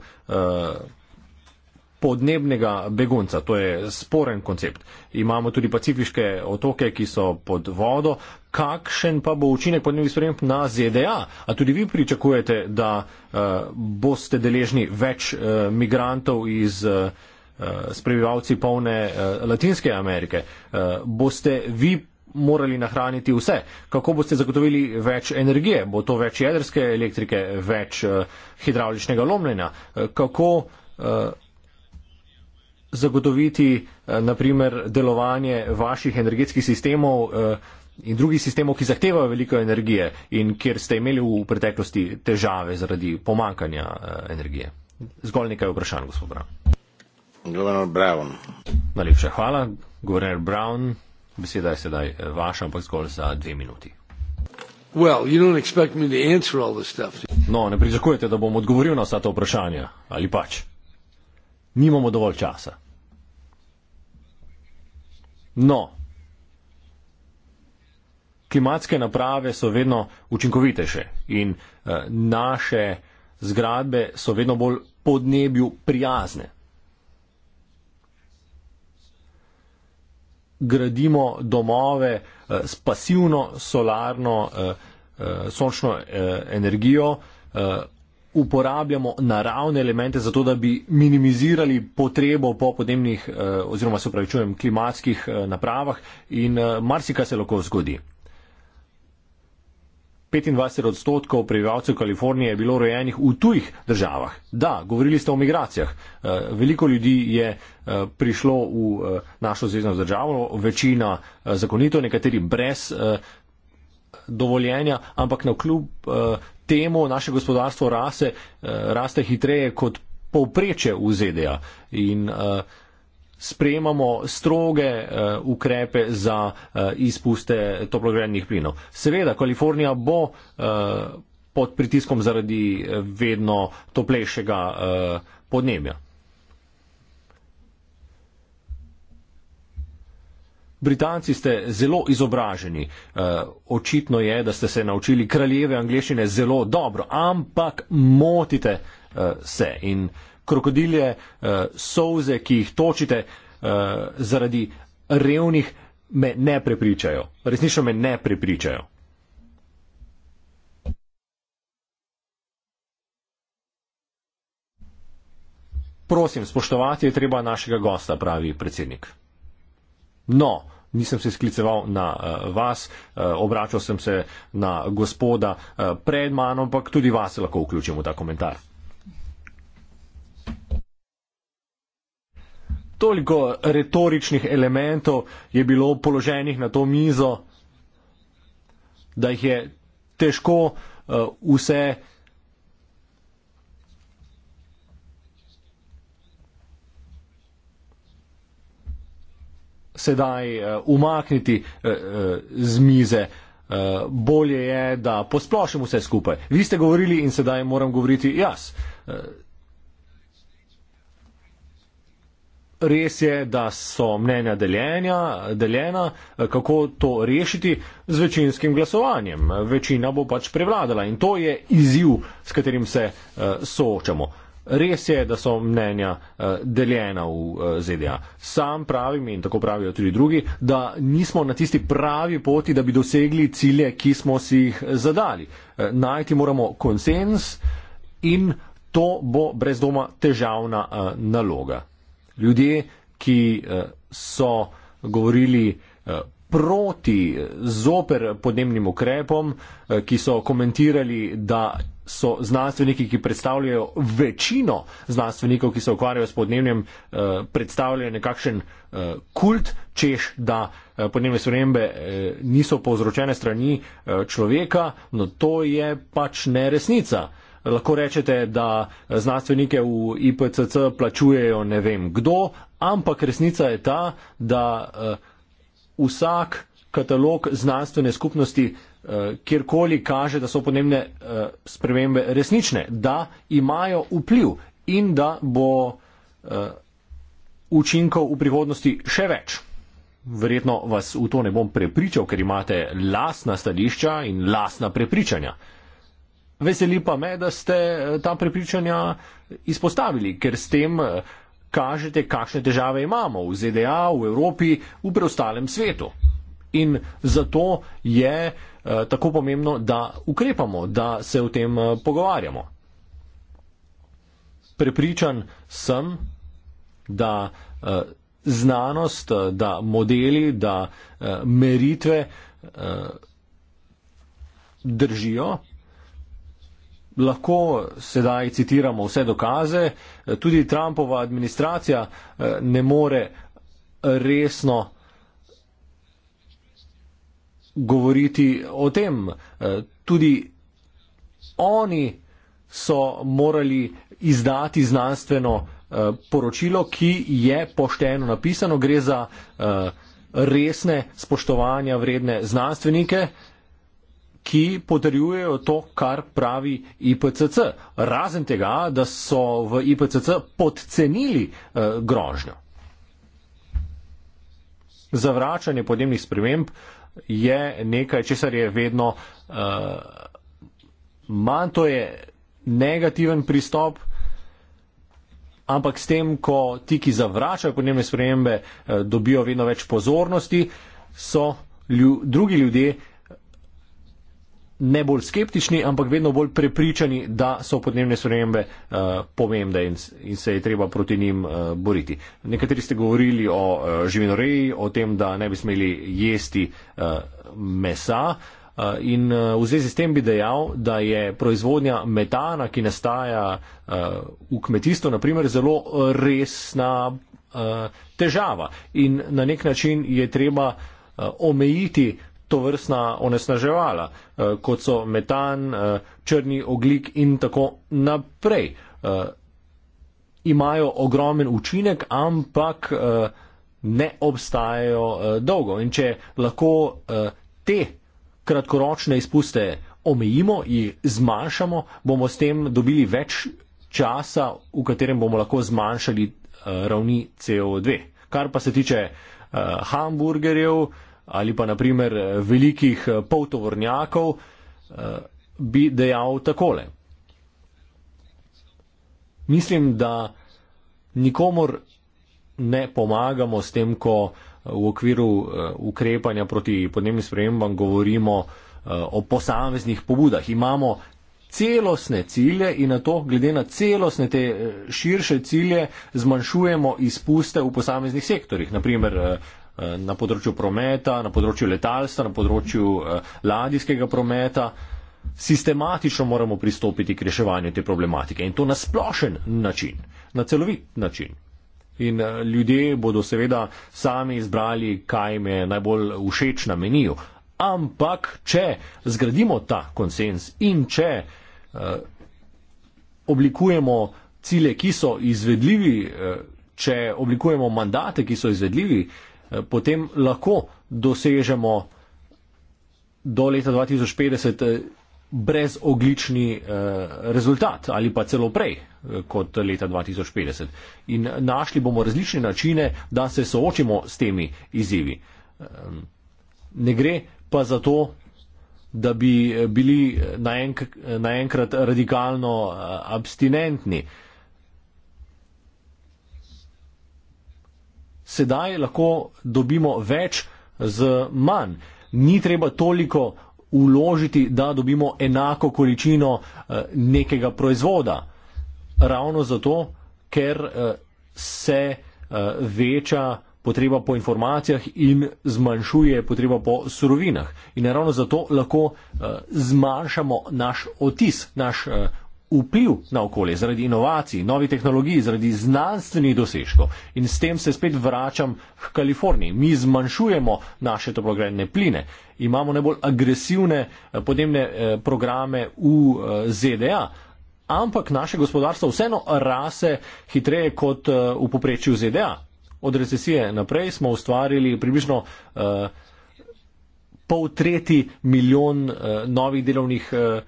podnebnega begunca. To je sporen koncept. Imamo tudi pacifiške otoke, ki so pod vodo kakšen pa bo učinek podnebnih sprememb na ZDA? A tudi vi pričakujete, da uh, boste deležni več uh, migrantov iz uh, eh, prebivalci polne uh, Latinske Amerike? Uh, boste vi morali nahraniti vse? Kako boste zagotovili več energije? Bo to več jedrske elektrike, več uh, hidrauličnega lomljenja? Uh, kako uh, zagotoviti, naprimer, delovanje vaših energetskih sistemov in drugih sistemov, ki zahtevajo veliko energije in kjer ste imeli v preteklosti težave zaradi pomankanja uh, energije? Zgolj nekaj vprašanj, gospod Brown. Governor Brown. Najlepša hvala. Governor Brown, beseda je sedaj eh, vaša, ampak zgolj za dve minuti. Well, no, ne pričakujete, da bom odgovoril na vsa ta vprašanja, ali pač? Nimamo dovolj časa. No, klimatske naprave so vedno učinkovitejše in uh, naše zgradbe so vedno bolj podnebju prijazne. Gradimo domove uh, s pasivno solarno uh, uh, sončno uh, energijo, uh, uporabljamo naravne elemente zato, da bi minimizirali potrebo po podnebnih uh, oziroma se upravičujem klimatskih uh, napravah in uh, marsika se lahko zgodi. 25 odstotkov prebivalcev Kalifornije je bilo rojenih v tujih državah. Da, govorili ste o migracijah. Eh, veliko ljudi je eh, prišlo v eh, našo zvezdno državo, večina zakonito, nekateri brez dovoljenja, ampak na kljub temu naše gospodarstvo rase, raste hitreje kot povpreče v ZDA. In, uh, sprejemamo stroge uh, ukrepe za uh, izpuste toplogrednih plinov. Seveda, Kalifornija bo uh, pod pritiskom zaradi vedno toplejšega uh, podnebja. Britanci ste zelo izobraženi. E, očitno je, da ste se naučili kraljeve angliščine zelo dobro, ampak motite e, se. In, e, krokodilje uh, solze, ki jih točite uh, zaradi revnih, me ne prepričajo. Resnično me ne prepričajo. Prosim, spoštovati je treba našega gosta, pravi predsednik. No, nisem se skliceval na uh, vas, uh, obračal sem se na gospoda uh, pred mano, ampak tudi vas lahko vključim v ta komentar. toliko retoričnih elementov je bilo položenih na to mizo, da jih je težko uh, vse sedaj uh, umakniti uh, uh, z mize. Uh, bolje je, da posplošim vse skupaj. Vi ste govorili in sedaj moram govoriti jaz. Uh, Res je, da so mnenja deljenja, deljena, kako to rešiti z večinskim glasovanjem. Večina bo pač prevladala in to je izziv, s katerim se uh, soočamo. Res je, da so mnenja uh, deljena v uh, eh, ZDA. Sam pravim in tako pravijo tudi drugi, da nismo na tisti pravi poti, da bi dosegli cilje, ki smo si jih zadali. Uh, najti moramo konsens in to bo brez doma težavna uh, naloga ljudje, ki eh, so govorili eh, proti eh, zoper podnebnim ukrepom, ki so komentirali, da so znanstveniki, ki predstavljajo večino znanstvenikov, ki se ukvarjajo s podnebnem, predstavljajo nekakšen kult, češ, da podnebne spremembe niso povzročene strani človeka, no to je pač neresnica lahko rečete, da znanstvenike v IPCC plačujejo ne vem kdo, ampak resnica je ta, da eh, vsak katalog znanstvene skupnosti eh, kjerkoli kaže, da so podnebne eh, spremembe resnične, da imajo vpliv in da bo učinkov v prihodnosti še več. Verjetno vas v to ne bom prepričal, ker imate lasna stališča in lasna prepričanja. Veseli pa me, da ste eh, ta prepričanja izpostavili, ker s tem eh, kažete, kakšne težave imamo v ZDA, v Evropi, v preostalem svetu. In zato je eh, tako pomembno, da ukrepamo, da se o tem pogovarjamo. Prepričan sem, da znanost, da modeli, da meritve držijo, lahko sedaj citiramo vse dokaze, tudi Trumpova administracija eh, ne more resno govoriti o tem. Eh, tudi oni so morali izdati znanstveno eh, poročilo, ki je pošteno napisano. Gre za resne spoštovanja vredne znanstvenike, ki potrjujejo to, kar pravi IPCC. Razen tega, da so v IPCC podcenili eh, grožnjo. Zavračanje podnebnih sprememb je nekaj, česar je vedno eh, manj. To je negativen pristop. Ampak s tem, ko ti, ki zavračajo podnebne spremembe, eh, dobijo vedno več pozornosti, so ljud, drugi ljudje ne bolj skeptični, ampak vedno bolj prepričani, da so podnebne spremembe uh, pomembne in, in se je treba proti njim uh, boriti. Nekateri ste govorili o uh, živinoreji, o tem, da ne bi smeli jesti uh, mesa. In v zvezi s tem bi dejal, da je proizvodnja metana, ki nastaja v kmetijstvu, naprimer, zelo resna težava. In na nek način je treba omejiti to vrstna onesnaževala, eh, kot so metan, eh, črni oglik in tako naprej. Eh, imajo ogromen učinek, ampak ne obstajajo dolgo. In če lahko te kratkoročne izpuste omejimo, jih zmanjšamo, bomo s tem dobili več časa, v katerem bomo lahko zmanjšali ravni CO2. Kar pa se tiče uh, hamburgerjev, uh, ali pa naprimer velikih eh, poltovornjakov, eh, bi dejal takole. Mislim, da nikomor ne pomagamo s tem, ko eh, v okviru ukrepanja proti podnebnim spremembam govorimo o posameznih pobudah. Imamo celosne cilje in na to, glede na celosne te širše cilje, zmanjšujemo izpuste v posameznih sektorjih. Naprimer, Eh, na področju prometa, na področju letalstva, na področju eh, ladijskega prometa. Sistematično moramo pristopiti k reševanju te problematike in to na splošen način, na celovit način. In eh, ljudje bodo seveda sami izbrali, kaj jim je najbolj všeč na meniju. Ampak, če zgradimo ta konsens in če eh, oblikujemo cilje, ki so izvedljivi, eh, če oblikujemo mandate, ki so izvedljivi, Eh, potem lahko dosežemo do leta 2050 eh, brezoglični eh, rezultat ali pa celo prej kot leta 2050. In našli bomo različne načine, da se soočimo s temi izzivi. Ehm, ne gre pa za to, da bi bili naenkrat radikalno abstinentni. sedaj lahko dobimo več z manj. Ni treba toliko uložiti, da dobimo enako količino eh, nekega proizvoda. Ravno zato, ker eh, se eh, veča potreba po informacijah in zmanjšuje potreba po surovinah. In ravno zato lahko zmanjšamo naš otis, naš vpliv na okolje, zaradi inovacij, novih tehnologij, zaradi znanstvenih dosežkov. In s tem se spet vračam k Kaliforniji. Mi zmanjšujemo naše toplogredne pline, imamo najbolj agresivne eh, podnebne eh, programe v eh, ZDA, ampak naše gospodarstvo vseeno rase hitreje kot v poprečju ZDA. Od recesije naprej smo ustvarili približno uh, pol tretji milijon uh, novih delovnih uh,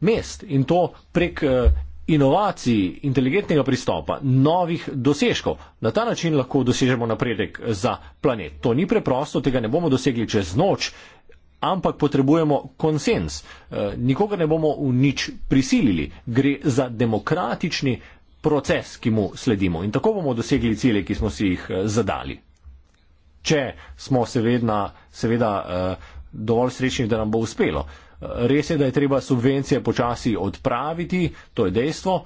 mest in to prek eh, inovacij, inteligentnega pristopa, novih dosežkov. Na ta način lahko dosežemo napredek za planet. To ni preprosto, tega ne bomo dosegli čez noč, ampak potrebujemo konsens. Eh, Nikoga ne bomo v nič prisilili. Gre za demokratični proces, ki mu sledimo in tako bomo dosegli cilje, ki smo si jih eh, zadali. Če smo seveda, seveda dovolj srečni, da nam bo uspelo. Res je, da je treba subvencije počasi odpraviti, to je dejstvo.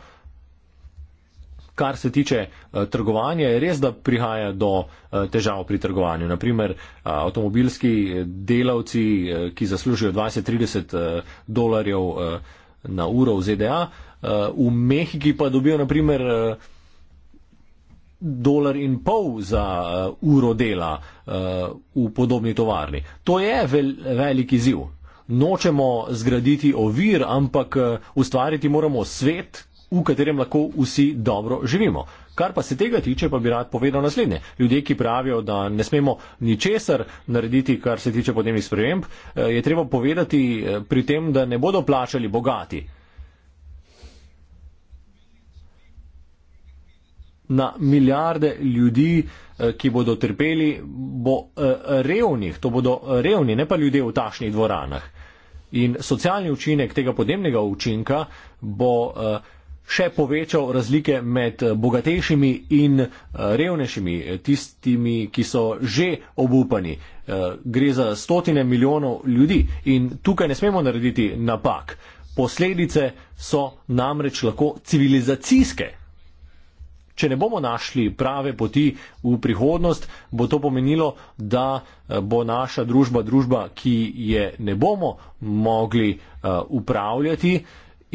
Kar se tiče eh, trgovanja, je res, da prihaja do eh, težav pri trgovanju. Naprimer, eh, avtomobilski delavci, ki zaslužijo 20-30 dolarjev na uro v ZDA, v Mehiki pa dobijo naprimer dolar in pol za uro dela v podobni tovarni. To je vel, veliki ziv nočemo zgraditi ovir, ampak eh, ustvariti moramo svet, v katerem lahko vsi dobro živimo. Kar pa se tega tiče, pa bi rad povedal naslednje. Ljudje, ki pravijo, da ne smemo ničesar narediti, kar se tiče podnebnih sprememb, eh, je treba povedati eh, pri tem, da ne bodo plačali bogati. Na milijarde ljudi, ki bodo trpeli, bo revnih, to bodo revni, ne pa ljudje v tašnih dvoranah. In socialni učinek tega podnebnega učinka bo eh, še povečal razlike med eh, bogatejšimi in eh, revnejšimi, tistimi, ki so že obupani. Gre za stotine milijonov ljudi in tukaj ne smemo narediti napak. Posledice so namreč lahko civilizacijske. Če ne bomo našli prave poti v prihodnost, bo to pomenilo, da eh, bo naša družba družba, ki je ne bomo mogli eh, upravljati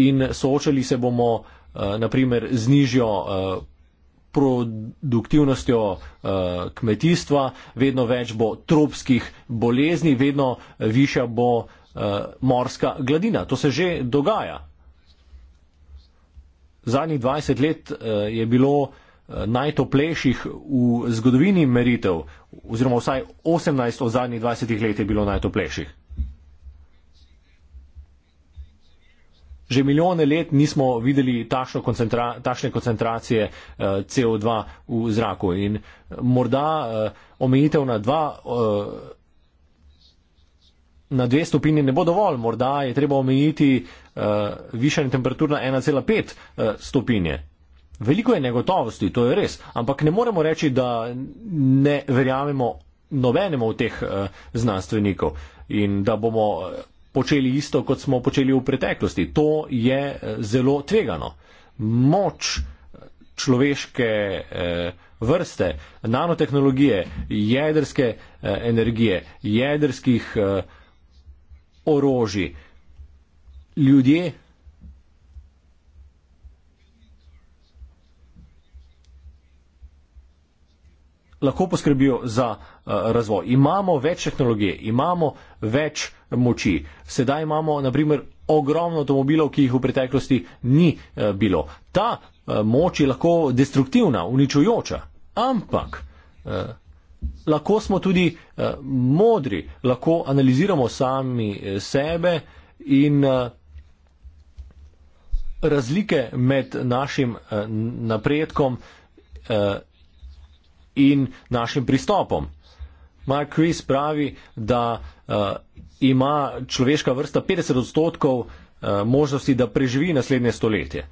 in soočali se bomo eh, naprimer z nižjo produktivnostjo kmetijstva, vedno več bo tropskih bolezni, vedno višja bo morska gladina. To se že dogaja zadnjih 20 let eh, je bilo eh, najtoplejših v zgodovini meritev, oziroma vsaj 18 od zadnjih 20 let je bilo najtoplejših. Že milijone let nismo videli koncentra takšne koncentracije eh, CO2 v zraku in eh, morda eh, omejitev na dva eh, na dve stopinje ne bo dovolj, morda je treba omejiti uh, višanje temperatur na 1,5 uh, eh, stopinje. Veliko je negotovosti, to je res, ampak ne moremo reči, da ne verjamemo nobenemu od teh uh, znanstvenikov in da bomo počeli isto, kot smo počeli v preteklosti. To je uh, zelo tvegano. Moč človeške uh, vrste, nanotehnologije, jedrske uh, energije, jedrskih uh, orožji. Ljudje lahko poskrbijo za eh, razvoj. Imamo več tehnologije, imamo več moči. Sedaj imamo, na primer, ogromno avtomobilov, ki jih v preteklosti ni eh, bilo. Ta eh, moč je lahko destruktivna, uničujoča, ampak lahko smo tudi uh, modri, lahko analiziramo sami eh, sebe in uh, razlike med našim uh, napredkom uh, in našim pristopom. Mark Chris pravi, da uh, ima človeška vrsta 50 odstotkov uh, možnosti, da preživi naslednje stoletje.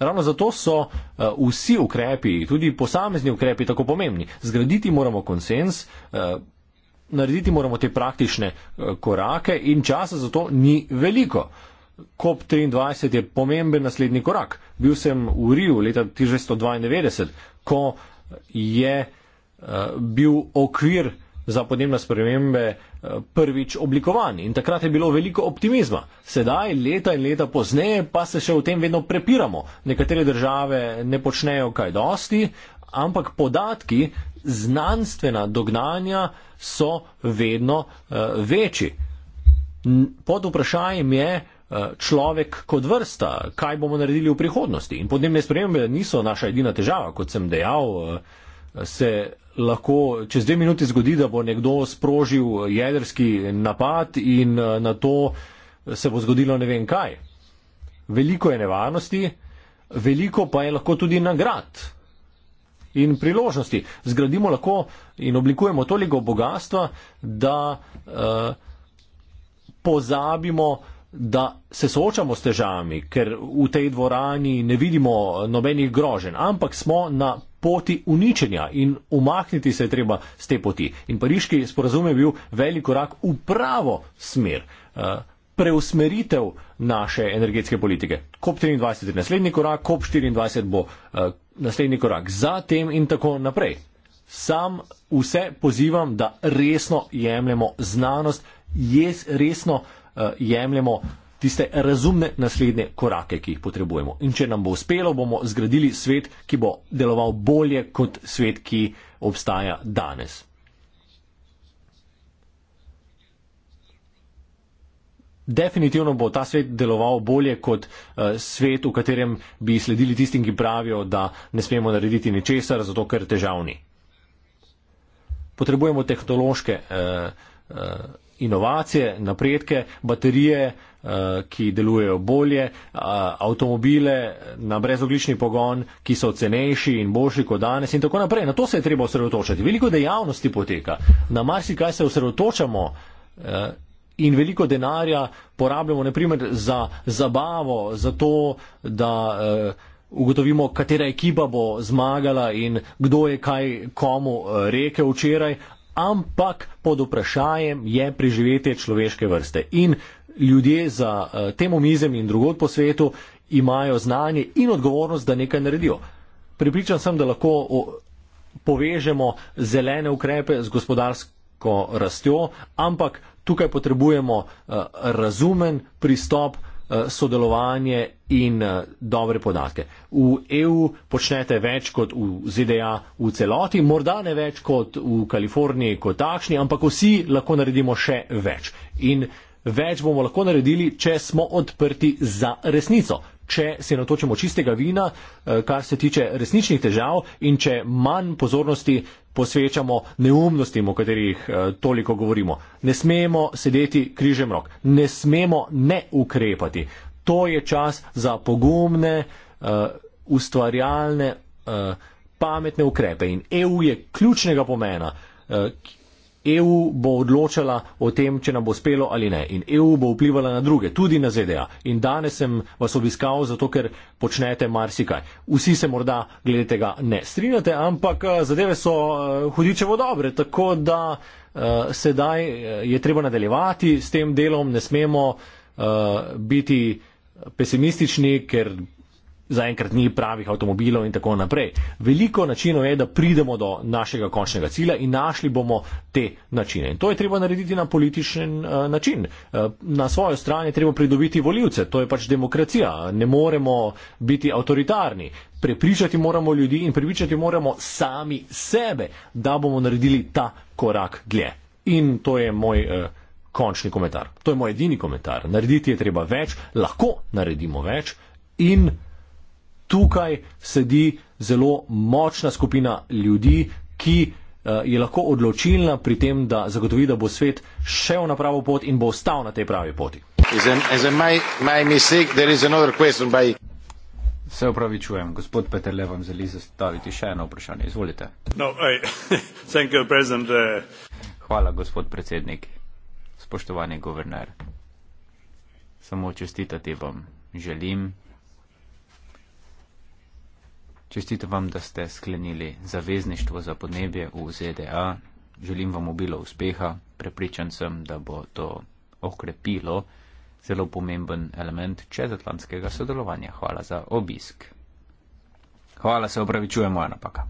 Ravno zato so uh, vsi ukrepi, tudi posamezni ukrepi, tako pomembni. Zgraditi moramo konsens, uh, narediti moramo te praktične uh, korake in časa za to ni veliko. COP23 je pomemben naslednji korak. Bil sem v Riju leta 1992, ko je uh, bil okvir za podnebne spremembe uh, prvič oblikovan in takrat je bilo veliko optimizma. Sedaj, leta in leta pozneje, pa se še o tem vedno prepiramo. Nekatere države ne počnejo kaj dosti, ampak podatki, znanstvena dognanja so vedno uh, večji. Pod vprašanjem je uh, človek kot vrsta, kaj bomo naredili v prihodnosti. In podnebne spremembe niso naša edina težava, kot sem dejal, uh, se uh, lahko čez dve minuti zgodi, da bo nekdo sprožil jedrski napad in eh, na to se bo zgodilo ne vem kaj. Veliko je nevarnosti, veliko pa je lahko tudi nagrad in priložnosti. Zgradimo lahko in oblikujemo toliko bogatstva, da eh, pozabimo, da se soočamo s težavami, ker v tej dvorani ne vidimo nobenih grožen, ampak smo na poti uničenja in umakniti se je treba z te poti. In pariški sporazum je bil velik korak v pravo smer, eh, preusmeritev naše energetske politike. COP23 je naslednji korak, COP24 bo eh, naslednji korak za tem in tako naprej. Sam vse pozivam, da resno jemljemo znanost, jaz resno eh, jemljemo tiste razumne naslednje korake, ki jih potrebujemo. In če nam bo uspelo, bomo zgradili svet, ki bo deloval bolje kot svet, ki obstaja danes. Definitivno bo ta svet deloval bolje kot uh, svet, v katerem bi sledili tistim, ki pravijo, da ne smemo narediti ničesar, zato ker težavni. Potrebujemo tehnološke uh, uh, inovacije, napredke, baterije, uh, Eh, ki delujejo bolje, eh, avtomobile na brezoglični pogon, ki so cenejši in boljši kot danes in tako naprej. Na to se je treba osredotočati. Veliko dejavnosti poteka, na marsikaj se osredotočamo eh, in veliko denarja porabljamo naprimer za zabavo, za to, da ugotovimo, katera ekipa bo zmagala in kdo je kaj komu rekel včeraj, ampak pod vprašanjem je preživetje človeške vrste. In ljudje za eh, tem omizem in drugod po svetu imajo znanje in odgovornost, da nekaj naredijo. Pripričan sem, da lahko povežemo zelene ukrepe z gospodarsko rastjo, ampak tukaj potrebujemo eh, razumen pristop, eh, sodelovanje in dobre podatke. V EU počnete več kot v ZDA v celoti, morda ne več kot v Kaliforniji kot takšni, ampak vsi lahko naredimo še več. In več bomo lahko naredili, če smo odprti za resnico. Če se natočimo čistega vina, eh, kar se tiče resničnih težav in če manj pozornosti posvečamo neumnostim, o katerih eh, toliko govorimo. Ne smemo sedeti križem rok, ne smemo ne ukrepati. To je čas za pogumne, eh, ustvarjalne, pametne ukrepe in EU je ključnega pomena, EU bo odločala o tem, če nam bo spelo ali ne. In EU bo vplivala na druge, tudi na ZDA. In danes sem vas obiskal, zato ker počnete marsikaj. Vsi se morda glede tega ne strinjate, ampak eh, zadeve so eh, hudičevo dobre, tako da uh, sedaj je treba nadaljevati s tem delom, ne smemo uh, biti pesimistični, ker zaenkrat ni pravih avtomobilov in tako naprej. Veliko načinov je, da pridemo do našega končnega cilja in našli bomo te načine. In to je treba narediti na političen uh, način. Uh, na svojo stran je treba pridobiti voljivce, to je pač demokracija. Ne moremo biti avtoritarni. Prepričati moramo ljudi in prepričati moramo sami sebe, da bomo naredili ta korak dlje. In to je moj. Uh, Končni komentar. To je moj edini komentar. Narediti je treba več, lahko naredimo več in. Mm tukaj sedi zelo močna skupina ljudi, ki eh, je lahko odločilna pri tem, da zagotovi, da bo svet šel na pravo pot in bo ostal na tej pravi poti. Se upravičujem, gospod Peter Levan, želi zastaviti še eno vprašanje. Izvolite. No, I, thank you, President. Eh. Hvala, gospod predsednik. Spoštovani guverner. Samo čestitati vam želim Čestite vam, da ste sklenili zavezništvo za podnebje v ZDA. Želim vam obilo uspeha. Prepričan sem, da bo to okrepilo zelo pomemben element čezatlantskega sodelovanja. Hvala za obisk. Hvala, se opravičujem, moja napaka.